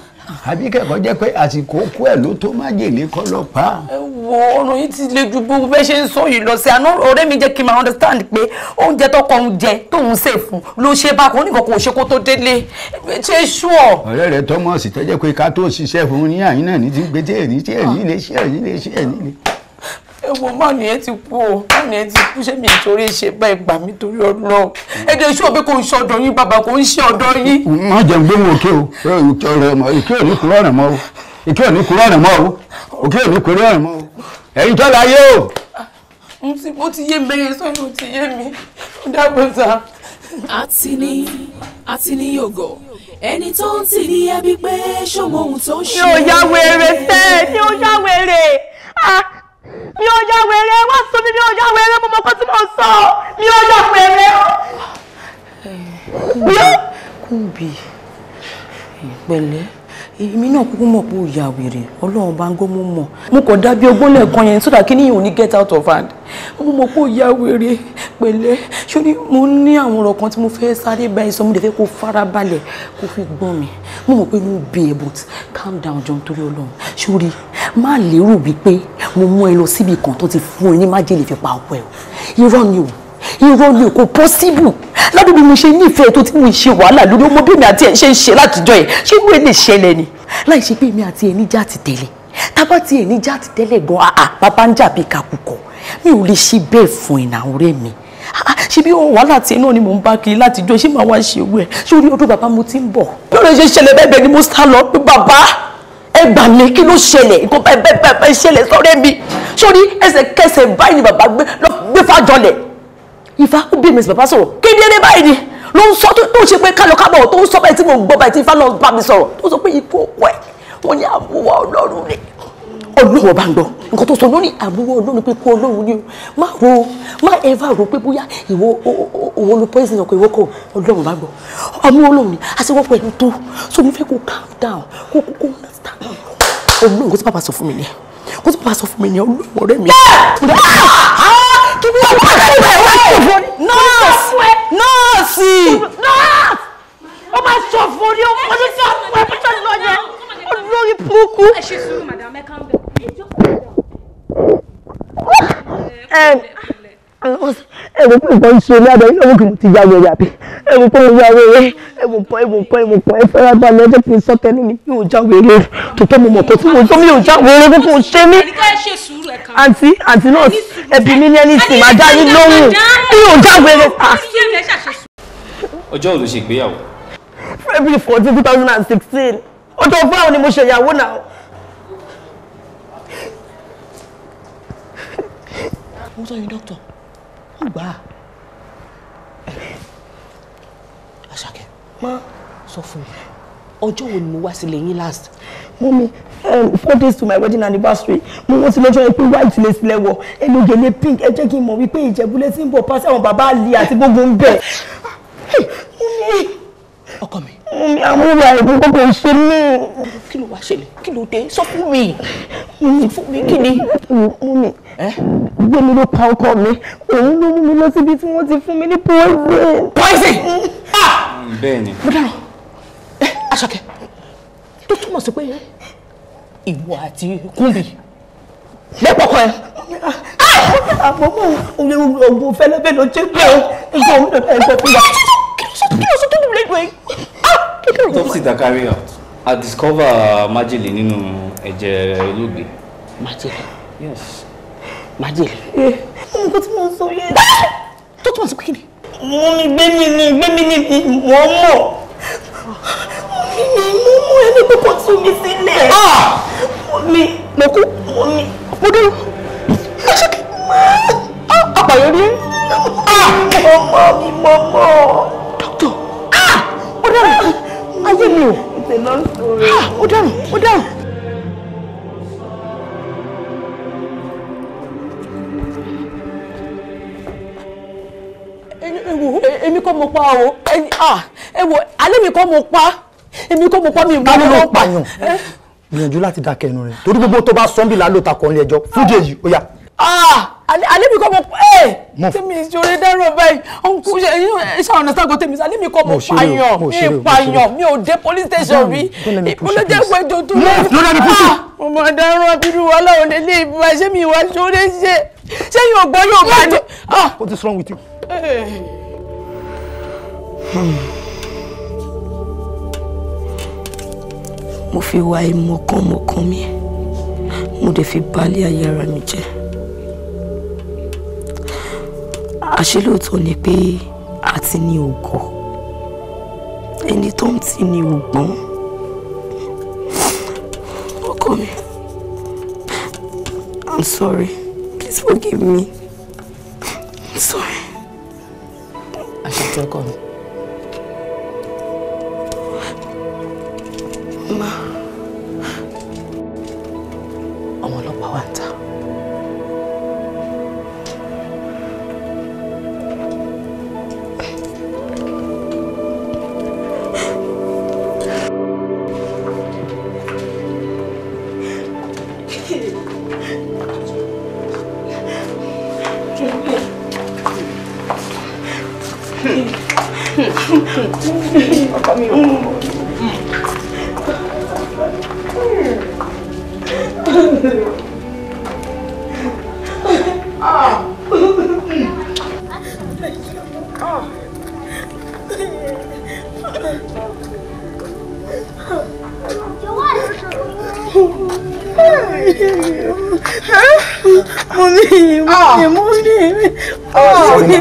àbí kẹ́kọ̀ọ́ jẹ́ pé àsìkò kú ẹ̀ ló tó májèlé kọ́ lọ pa. ẹ wo ọ̀rọ̀ yìí ti le ju gbogbo bẹ́ẹ̀ ṣe ń sọ yìí lọ sí àná ọ̀rẹ́ mi jẹ́ kí n máa understand pé oúnjẹ tọkọ ń jẹ tóun ṣe fún ló ṣe bákan oníkan kò ṣe kó tó délé ṣe ṣùọ́. ọ̀rẹ́ rẹ̀ tọ́mọ̀ sí tọ́jẹ́ pé ká tó ṣiṣẹ́ fún ní àyín náà ní ti gbé tí èyí tí èyí lè ṣe èyí lè ṣe èyí lè ṣe ewo mọ́ọ̀nì ẹ ti kú o mọ́ọ̀nì ẹ ti kú sẹ́mi ìtorí ṣe bá ìgbà mi torí ọlọ́ọ̀ ẹ̀dẹ̀ iṣẹ́ òbí kò ń ṣe ọ̀dọ̀ yín bàbá kò ń ṣe ọ̀dọ̀ yín. má jẹun gbé wọn òkè o ìkí ní kúrò ọ̀nà mọ́ o ìkí ní kúrò ọ̀nà mọ́ o òkè ní kúrò ọ̀nà mọ́ o ẹ̀yin tó la o. Ah, mo ti yé mi yé sọ́nù ti yé mi ó dàbọ̀ sá. àti ní àti ní yògò ẹni tó ń tì ní ẹbí pé ṣòmọ ohun tó ń ṣe. mi ò yá wèrè fẹ́ mi ò yá wèrè ah, mi ò ya wèrè wá sọ mi mi ò ya wèrè mo mọ kó tí mo so. mi ò ya wèrè o. Kúmbì pẹ̀lẹ́ èmi náà kúkú mọ̀ pé ó ya wèrè ọlọ́run bá ń gbọ́ mú mọ̀ mo kàn dábí ọgbọ́n lẹ́ẹ̀kan yẹn sódà kí níyìn ò ní get out of hand mo mọ̀ pé ó ya wèrè pẹ̀lẹ́ ṣó ni mo ní àwọn ọ̀rọ̀ kan tí mo fẹ́ sáré bá ẹ sọ mo lè fẹ́ kó fara balẹ̀ kó fi gbọ́n mi mo mọ̀ pé inú bí ẹ but calm down John. nítorí ọlọ́run ṣórí má lérò wípé mo mú ẹ lọ síbi kan tó ti fún ẹ ní májèlé fi pa ọkọ ẹ irọ́ ni o irọ́ ni kò possible lọ́dún bí mo ṣe nífẹ̀ẹ́ tó tí mo ṣe wàhálà lórí ọmọ bí mi àti ẹ̀ ṣe ń ṣe látijọ́ ẹ̀ ṣé wọ́n lè ṣẹlẹ̀ ni láì ṣe pé èmi àti ẹ̀ níjà ti tẹ́lẹ̀ tábà ti ẹ̀ níjà ti tẹ́lẹ̀ gan àà bàbá ń jà bí kakukọ̀ mi ò lè ṣe bẹ́ẹ̀ fún ìnà ọ̀rẹ́ mi ṣé bí wàhálà tí náà ni mò ń bá kiri látijọ́ ṣé màá wá ṣe owó ẹ̀ ṣé orí ọdún bàbá mo ti ń bọ̀ lórí ṣe ṣẹlẹ̀ bẹ́ẹ̀ bẹ́ẹ̀ ni mo sá lọ pé bàbá ẹ gbà mí kí ló ṣẹlẹ̀ nǹkan Ifá ó bí mi bàbá sọ̀rọ̀ kedere báyìí ni ló ń sọ tó ṣe pé kálọ kábọ̀ tó ń sọ báyìí tí mo gbọ́ báyìí tí Ifá náà bá mi sọ̀rọ̀ tó sọ pé ikú òkú ẹ̀ wọ́n ní àmúwá Ọlọ́run ni Ọlọ́run bá ń gbọ́ nǹkan tó sọ ló ní àmúwá Ọlọ́run pé kú Ọlọ́run ni o má ro má ẹ̀fà ro pé bóyá ìwọ òwò ló poison ọkọ̀ ìwọ kọ̀ Ọlọ́run bá gbọ́ àmúwá Ọlọ́run ni àṣewọ́pọ̀ ẹni tó so mo fẹ́ kó calm down kó kó kó understand Ọlọ́run kó tí bàbá sọ fún mi ni kó tí bàbá sọ fún mi ni Ọlọ́run ọ̀rẹ́ mi kíni ó wà síbẹ̀ wá ṣòfò nọ́ọ̀sì nọ́ọ̀sì. ó máa ṣòfò ní ọmọdé tí wọ́n fún ẹ bí tó lọ yẹn olórí burúkú. ẹ ṣe sùúrù madam ẹ kàn bẹ ẹ̀wù pé nǹkan ń ṣe ní abẹ́ ẹ̀wù kì í ti ya wẹ̀rẹ̀ àbí ẹ̀wù pé mo ya wẹ̀rẹ̀ ẹ̀wù kan ẹ̀wù kan ẹ̀wù kan ẹ̀fẹ́ rẹ̀ balẹ̀ ẹ̀jẹ̀ kì í sọ tẹ́lẹ̀ ni mi ò já wẹ̀rẹ̀ tòótọ́ mo mọ̀ tó tí mo tó mi ò já wẹ̀rẹ̀ kókò ṣe mí. àǹtí àǹtí náà ẹbí mi ní ẹni sì máa dá yín lóhùn mi ò já wẹ̀rẹ̀. ọjọ́ òru ṣe ìgbéyàwó. February fourteen two thousand and sixteen ọjọ́ fáwọn ni mo ṣèyàwó náà. What are you, doctor? ó gbà á àṣàkẹ́ má sọ fún mi ọjọ́ wo ni mo wá sílé yín last. mọ́mi um, four days to my wedding anniversary mo wọ́n ti lọ́jọ́ yẹn pé white lè sílẹ̀ wọ̀ ẹlògèlè pink ẹ jẹ́ kí n mọ̀ wípé ìjẹ́bulẹ̀ ti ń bọ̀ pàṣẹ àwọn bàbá àlè àti gbogbo ń bẹ̀. Ah, mọ́mi ọkọ mi. mi àmúra ẹ̀bùn gbogbo ṣe mí. kí ló wá ṣẹlẹ̀ kí ló dé sọ fún mi fún mi kí ni. mú mi gbé mi ló pa ọkọ mi òun ló mú mi lọ síbi tí wọ́n ti fún mi ní poison. poison. Mm, bẹ́ẹ̀ ni. mo dára ẹ aṣọkẹ́ tó túmọ̀ sí pé ìwọ àti kúnbi lẹ́pọ̀kọ ẹ. Ah! àmọ́ mo ò lè ọgbọ́n fẹ́lẹ́ bẹ́ẹ̀ lọ jẹ́ pé ọgbọ́n mi lọ́dọ̀ ẹgbẹ́ fún wa something or something will lead way. Ah, autopsy that carry out. I discover májèlé nínú ẹ̀jẹ̀ olóògbé. Májèlé. Yes. Májèlé. Ẹ eh, nǹkan tí mo sọ yẹn. Ah! Tó túmọ̀ sí pé kí ni? Mo ní gbé mi ní gbé mi ní wọ́n mọ̀. Mo ní mo mú ẹni kókó tú mi sílẹ̀. Ah! Mo mi. Mo kú. Mo mi. Mo dúró. Mo ṣe kí. Àpàyọ̀ ah! rí. Mo mọ̀ mi mọ̀ mọ̀. a long story. Ah, ó dáhùn ó dáhùn. èmi kọ́ mo pa o ẹ̀wọ̀ ah, alẹ́ mi kọ́ mo pa èmi kọ́ mo pa mi ìmọ̀ ọ̀rọ̀ pa. gbìyànjú láti dákẹ́ ẹnu rẹ̀ torí gbogbo tó bá sọ́ńbìlà ló ta kọ́ ọ́n lé ẹjọ́ fújì èyí ó yá. Ah, alẹ́ mi kọ́ mo pa tèmi ìṣòro dẹ́rọ báyìí ṣe ọ̀nà sago tèmi sa lémi kọ́ mo pààyàn mi pààyàn mi ò dé police station rí ìpolójẹ́ ìwẹ́jọ tó lẹ́yìn. lọ́dà ni púṣù. ọmọ ọ̀daràn abirú ọlọ́run lè lé ìbúra ṣé mi ìwà ṣoore ṣe ṣé yóò gbọ́ yóò bá dé. Ah. What is wrong with you? Hmm. mo fi wá ìmọ̀kànmọ̀kàn mi mo dẹ̀ fi balẹ̀ ayé ara mi jẹ́. àṣé lóòótọ́ ni pé a ti ní ògo ẹni tó ń tì ní ògbọ́n ọkọ mi I'm sorry please forgive me I'm sorry. àṣàjọ ọkọ mi. Ma.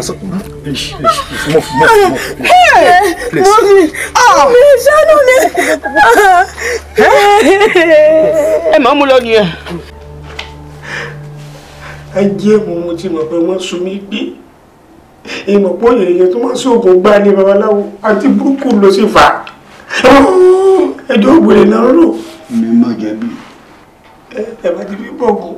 so, please, please, please, move, move, move. move. Hey, please. Mommy, ah, mi ṣanu ni. Ẹ máa mú lọ ni ẹ. Ẹ jẹ́ mo mo ti mọ̀ pé wọ́n sun mí gbé. Ìmọ̀ pọ̀ yẹ̀yẹ̀ tó máa ṣoògùn gbá ní babaláwo àti burúkú ló sì fà á. Ẹjọ́ ògbèrè náà rò. Mi máa jẹ̀bi. Ẹ bá ti fi bọ̀gùn.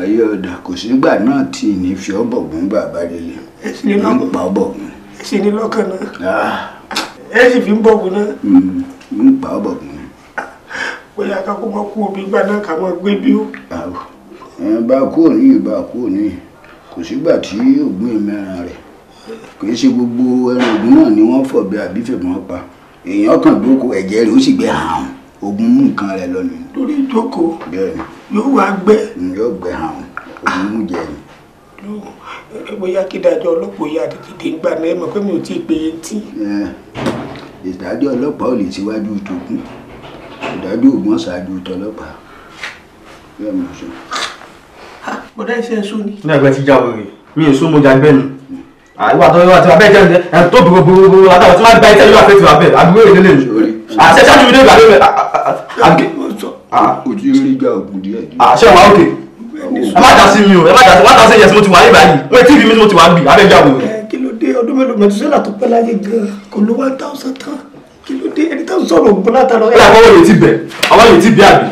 ayé ọ̀dà kò sígbà náà tí ní fi ọ̀bọ̀gún bàbá délé ló ń pa ẹ sì ní lọ́kàn náà ah. ẹ sì fi ń náà. ló hmm, ń pa bóyá mọ kú omi gbà náà ká gbé bí ó. bá kú òní bá kú òní kò gbogbo ẹran náà ni wọ́n fọ̀bẹ àbí fèmọ́ pa èèyàn kan ẹ̀jẹ̀ rẹ̀ ó sì gbé mú nǹkan rẹ̀ lọ yóò wá gbẹ. yóò gbẹ hàn òun mú jẹ ni. bóyá kí dájọ́ ọlọ́pàá yà tètè gbà náà ẹ mọ̀ pé mi ò tí ì pé etí. ìdájọ́ ọlọ́pàá ò lè síwájú tókùn ìdájọ́ ògbọ́n ṣáájú tọlọ́pàá bẹ́ẹ̀ mo sọ. bọ́dá iṣẹ́ ẹ̀ṣọ́ ni. ní ẹgbẹ́ ti já wèrè mi ò sún mo jà gbẹ́nu àìwà tó wà tí wà bẹ́ẹ̀ jẹ́ ẹ̀ tó bòbòbòbò àtàwọn tí wọ́n gba iṣẹ́ yóò àfẹ́ tí wà bẹ́ẹ̀ àdúgbò ìdílé nìṣó àṣẹ ah, ṣáájú mi dé ìgbà lóye àgé. ojú rí gbà ògùn díẹ̀. àṣẹ ah, wà òkè ẹ má dásí mi o ẹ má dásí wá dásí yẹsí mo ti wà ní báyìí wọ́n ti fi mi mo ti wà ń bì abẹ́jà wò. Eh, kí ló dé ọdún mélòó mẹ́tòsílà tó pẹ́ láyé gan-an kò ló one thousand tán kí ló dé ẹni tó ń sọ̀rọ̀ ògùn látara. ẹ àwọn yẹn ti bẹ̀ àwọn yẹn ti bẹ̀ àbí.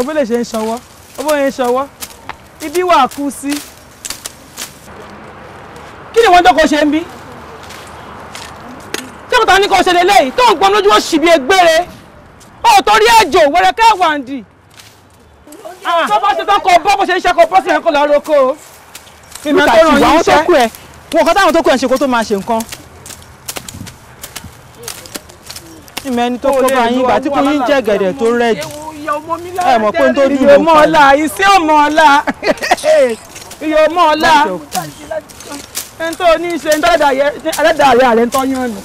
obìnrin ṣe ń ṣọwọ́ obìnrin ṣe ń ṣọwọ́ ibi wà kú sí kí ni wọ́n dọ́kọ̀ ṣe ń bí tó ta ní kò ṣe lélẹ́yìí tó ń gbọ́n lójú wọn ṣì bí egbére ó torí ẹ̀jọ̀ wẹ̀rẹ̀kẹ́ wàǹdì ah, tó bá ṣe tán kọ bọ́ bó ṣe ń ṣe kọ bọ́ sí ẹ̀kọ́ lọ́ọ́ roko ìmọ̀ tó ràn yín iṣẹ́ wọn kọ́ táwọn tó kù ẹ̀ ń ṣe kó tó máa ṣe nǹkan ìmọ̀ ẹni tó kó bá yín ìgbà tí kò yín jẹ́ gẹ̀dẹ̀ tó rẹ́jì ẹ mọ̀ pé n tó dùn ló kọ́ ọmọ ọlá iṣẹ́ ọmọ ọlá iye ọmọ ọlá ẹni tó ní í ṣe ẹni tó ẹlẹ́dàá rẹ̀ àrẹ ń tọ́ yán nù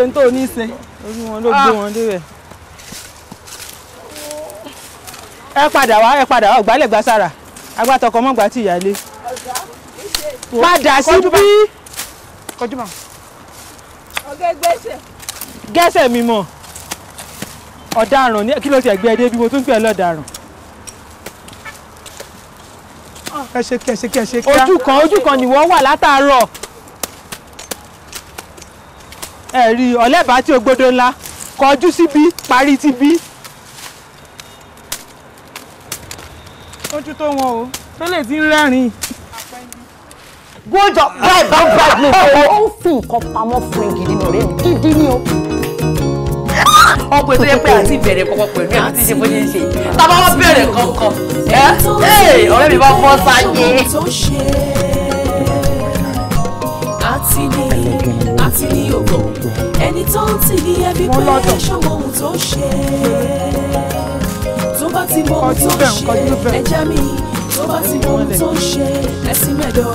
ẹni tó ní í ṣe. orí wọn ló gbé ah. wọn débẹ̀. ẹ padà wá ẹ padà wá ògbálẹ̀ gba sára agbátọkọ mọ́ gbà tí ìyáálé. padà sí bí. ọ̀gá gbẹ́sẹ̀. gẹ́sẹ̀ mi mọ̀ ọ̀daràn ní kí ló ti ẹ̀gbẹ́ ẹ bí mo tún pè lọ́daràn. ẹ ṣe kí ẹ ṣe kí ẹ ṣe kí. ojú kan ojú kan nìwọ wà látàárọ̀ ẹ rí ọlẹ́bàá tí ògbódò ńlá kọjú síbí parí tibí. ojú tó wọn o tó lè ti rẹ́rìn. gbọ́dọ̀ báyìí bá ń bá ó fi nǹkan pamọ́ fún ẹ gidi nìrẹ́ gidi ni o ọkùnrin tó yẹ pé àti ìbẹ̀rẹ̀ kọ́kọ́ pẹ̀lú ẹ̀ ti ṣe bó ṣe ń ṣe tábà wọ́n bẹ̀rẹ̀ kankan ẹ ọ̀rẹ́ mi bá bọ́ sáyé. àti ẹni tó ń tì ní ẹbí pé ṣọwọ́ ohun tó ṣe tó bá ti mọ ohun tó ṣe ẹja mi tó bá ti mọ ohun tó ṣe ẹsìn mẹ́dọ̀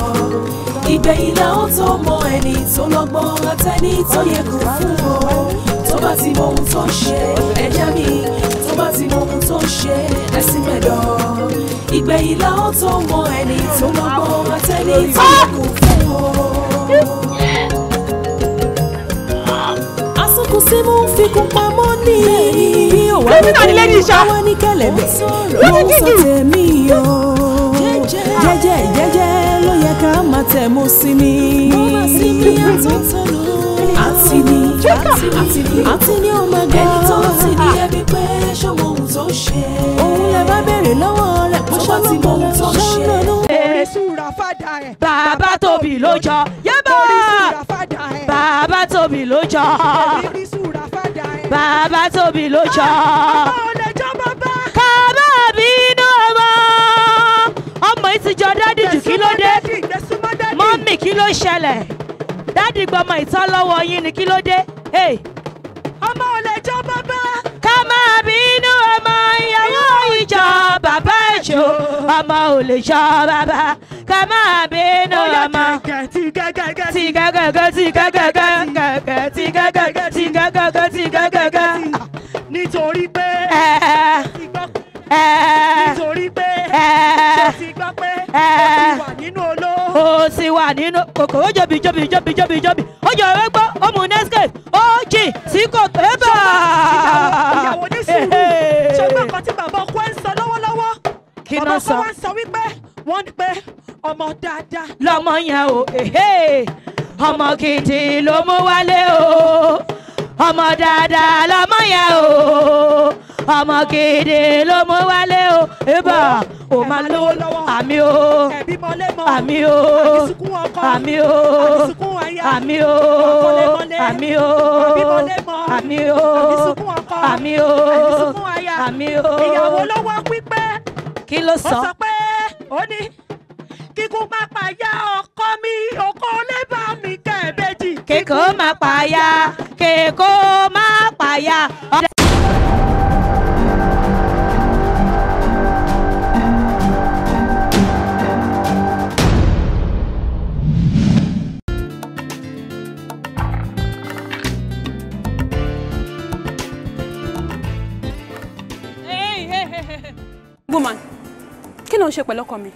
ìgbẹ̀yìn làwọn tó mọ ẹni tó lọ́gbọ́n àtẹni tó yẹ kó fún ọ bá ti mọ ohun tó ń ṣe ẹ̀jẹ̀ mi tó bá ti mọ ohun tó ń ṣe ẹ̀sìn mẹ́dọ̀ ìgbẹ̀yìn làwọn tó mọ ẹni tó máa mọ àtẹni tó kò fún o. asokun sí mú fikún pamọ́ ní bí òwò ẹni tó ń bá wá ní kẹlẹ̀bẹ̀ ló ń sọ tèmi o jẹ́jẹ́ jẹ́jẹ́ ló yẹ ká máa tẹ̀ mọ́ sí mi. mo máa sí mi àtúntò lóore àti ní àti ní àti ní ọmọ gan. ẹni tó ti ní ẹbí pé ṣé mo ohun tó ṣe. òun lè bá béèrè lọ́wọ́ rẹ̀ pé ṣé ti mọ ohun tó ṣe. bèrè sùúrà fàdà ẹ̀. bàbá tóbi ló jọ. yẹ́bà bàbá tóbi ló jọ. bàbá tóbi ló jọ. Ah, kàbá bínú ọmọ ọmọ yìí ti jọ dádì jù kí ló dé mọ́mì kí ló ṣẹlẹ̀ dáàdì gbọmọ ìtàn lọ́wọ́ yín ni kí ló dé. ọmọ ò lè jọ bàbá. ká máa bínú ọmọ ìyàwó ìjọ bàbá ìjọ ọmọ ò lè jọ bàbá. ká máa bínú ọmọ. ti gàgàgà ti gàgàgà ti gàgàgà ti gàgàgà ti gàgàgà ti gàgàgà. nítorí pé nítorí pé ṣe ti gbọ́ pé ó ti wà nínú oló. ó sì wà nínú kòkòrò jòbì jòbì jòbì jòbì jòbì ó jẹ ọ̀rẹ́ gbọ́ ó mú nescape ó jì sí kò tẹ́bà. ìyàwó ní sùúrù ṣọgbọ́n kan tí bàbá ọkọ ẹ̀ ń sọ lọ́wọ́lọ́wọ́ bàbá ọkọ wa ń sọ wípé wọ́n ní pé ọmọ dáadáa. lọmọ yẹn o ọmọ gidi ló mú wálé o ọmọ dáadáa lọmọ yẹn o ọmọ gidi ló mú wálé o ibà ò máa lówó àmì o àmì o àmì o àmì o àmì o àmì o àmì o àmì o. ìyàwó lọ́wọ́ pípẹ́ kí ló sọ ó sọ pé ó ní kíkú má pa ya ọkọ mi ọkọ lè bá mi kẹ́ẹ̀bẹ́jì. kíkú má pa ya òkè kó má pààyà. woman kí ló ń ṣe pẹ̀lú ọkọ mi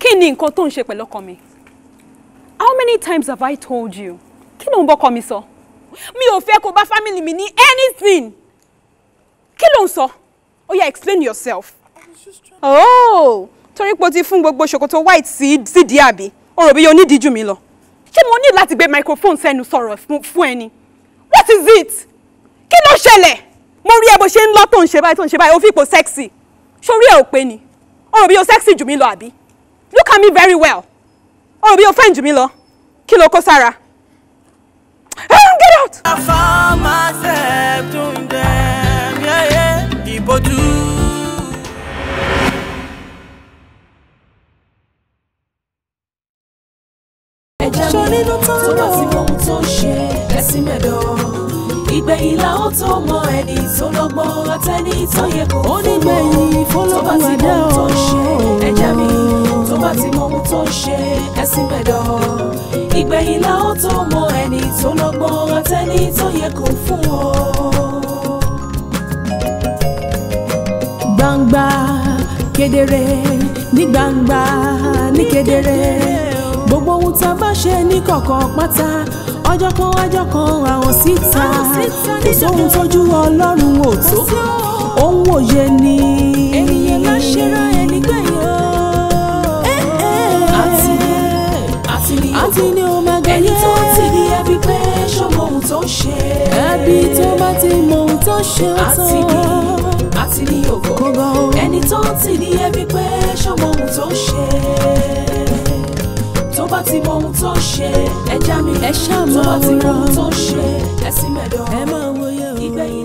kí ni nǹkan tó ń ṣe pẹ̀lú ọkọ mi how many times have I told you kí ló ń bọ́kọ mi sọ. So? mi ò fẹ́ kó bá family mi ní anything kí ló ń sọ ó oh yá explain yourself. oh torí pé o ti fún gbogbo ṣòkòtò white sí sídìí àbí o rò bí yóò nídìí jù mí lọ ṣé mo ní láti gbé microphone sẹ́nu sọ̀rọ̀ fún ẹni what is it kí ló ṣẹlẹ̀ mo rí ẹ bó ṣe ń lọ tó ń ṣe báyìí tó ń ṣe báyìí ó fi ipò sexy sórí ẹ ò pé ni o rò bí o sexy jù mí lọ àbí look at me very well o rò bí o fẹ́ǹ jù mí lọ kí ló kó sára get out. I found myself doing them, yeah, yeah, ìbò tú. ẹ̀jẹ̀ me follow tán tó bá ti mọ ohun tó ń ṣe ẹ̀sìn mẹ́dọ̀ ìgbẹ̀yìn la ó tó mọ ẹni tó lọ́gbọ́n àtẹni tó yẹ kó fún ọ onígbẹ̀yìn fọlọ́gbọ́n àdá ọ̀ ẹ̀jẹ̀ mi tó bá ti mọ ohun tó ń ṣe ẹ̀sìn mẹ́dọ̀ ìgbẹ̀yìn la ó tó mọ ẹni tó lọ́gbọ́n àtẹni tó yẹ kó fún ọ. gbangba kedere ní gbangba ní kedere gbogbo ohun tá a bá ṣe ní kọ̀kọ̀ pátá ọjọ́ kan ọjọ́ kan àwọn síta kò sóhun tójú ọlọ́run ò tó ohun òye ni. ènìyàn máa ṣe ra ẹni gbẹ̀yìn àti ni àti ni tó ń ṣe. ẹbí tó bá ti mọ ohun tó ṣe ó tán. àti ní ògo ẹni tó ń tì ní ẹbí pé ṣọmọ ohun tó ṣe tó bá ti mọ ohun tó ṣe ẹja mi tó bá ti mọ ohun tó ṣe ẹsìn mẹ́dọ̀ ìgbẹ̀yìn.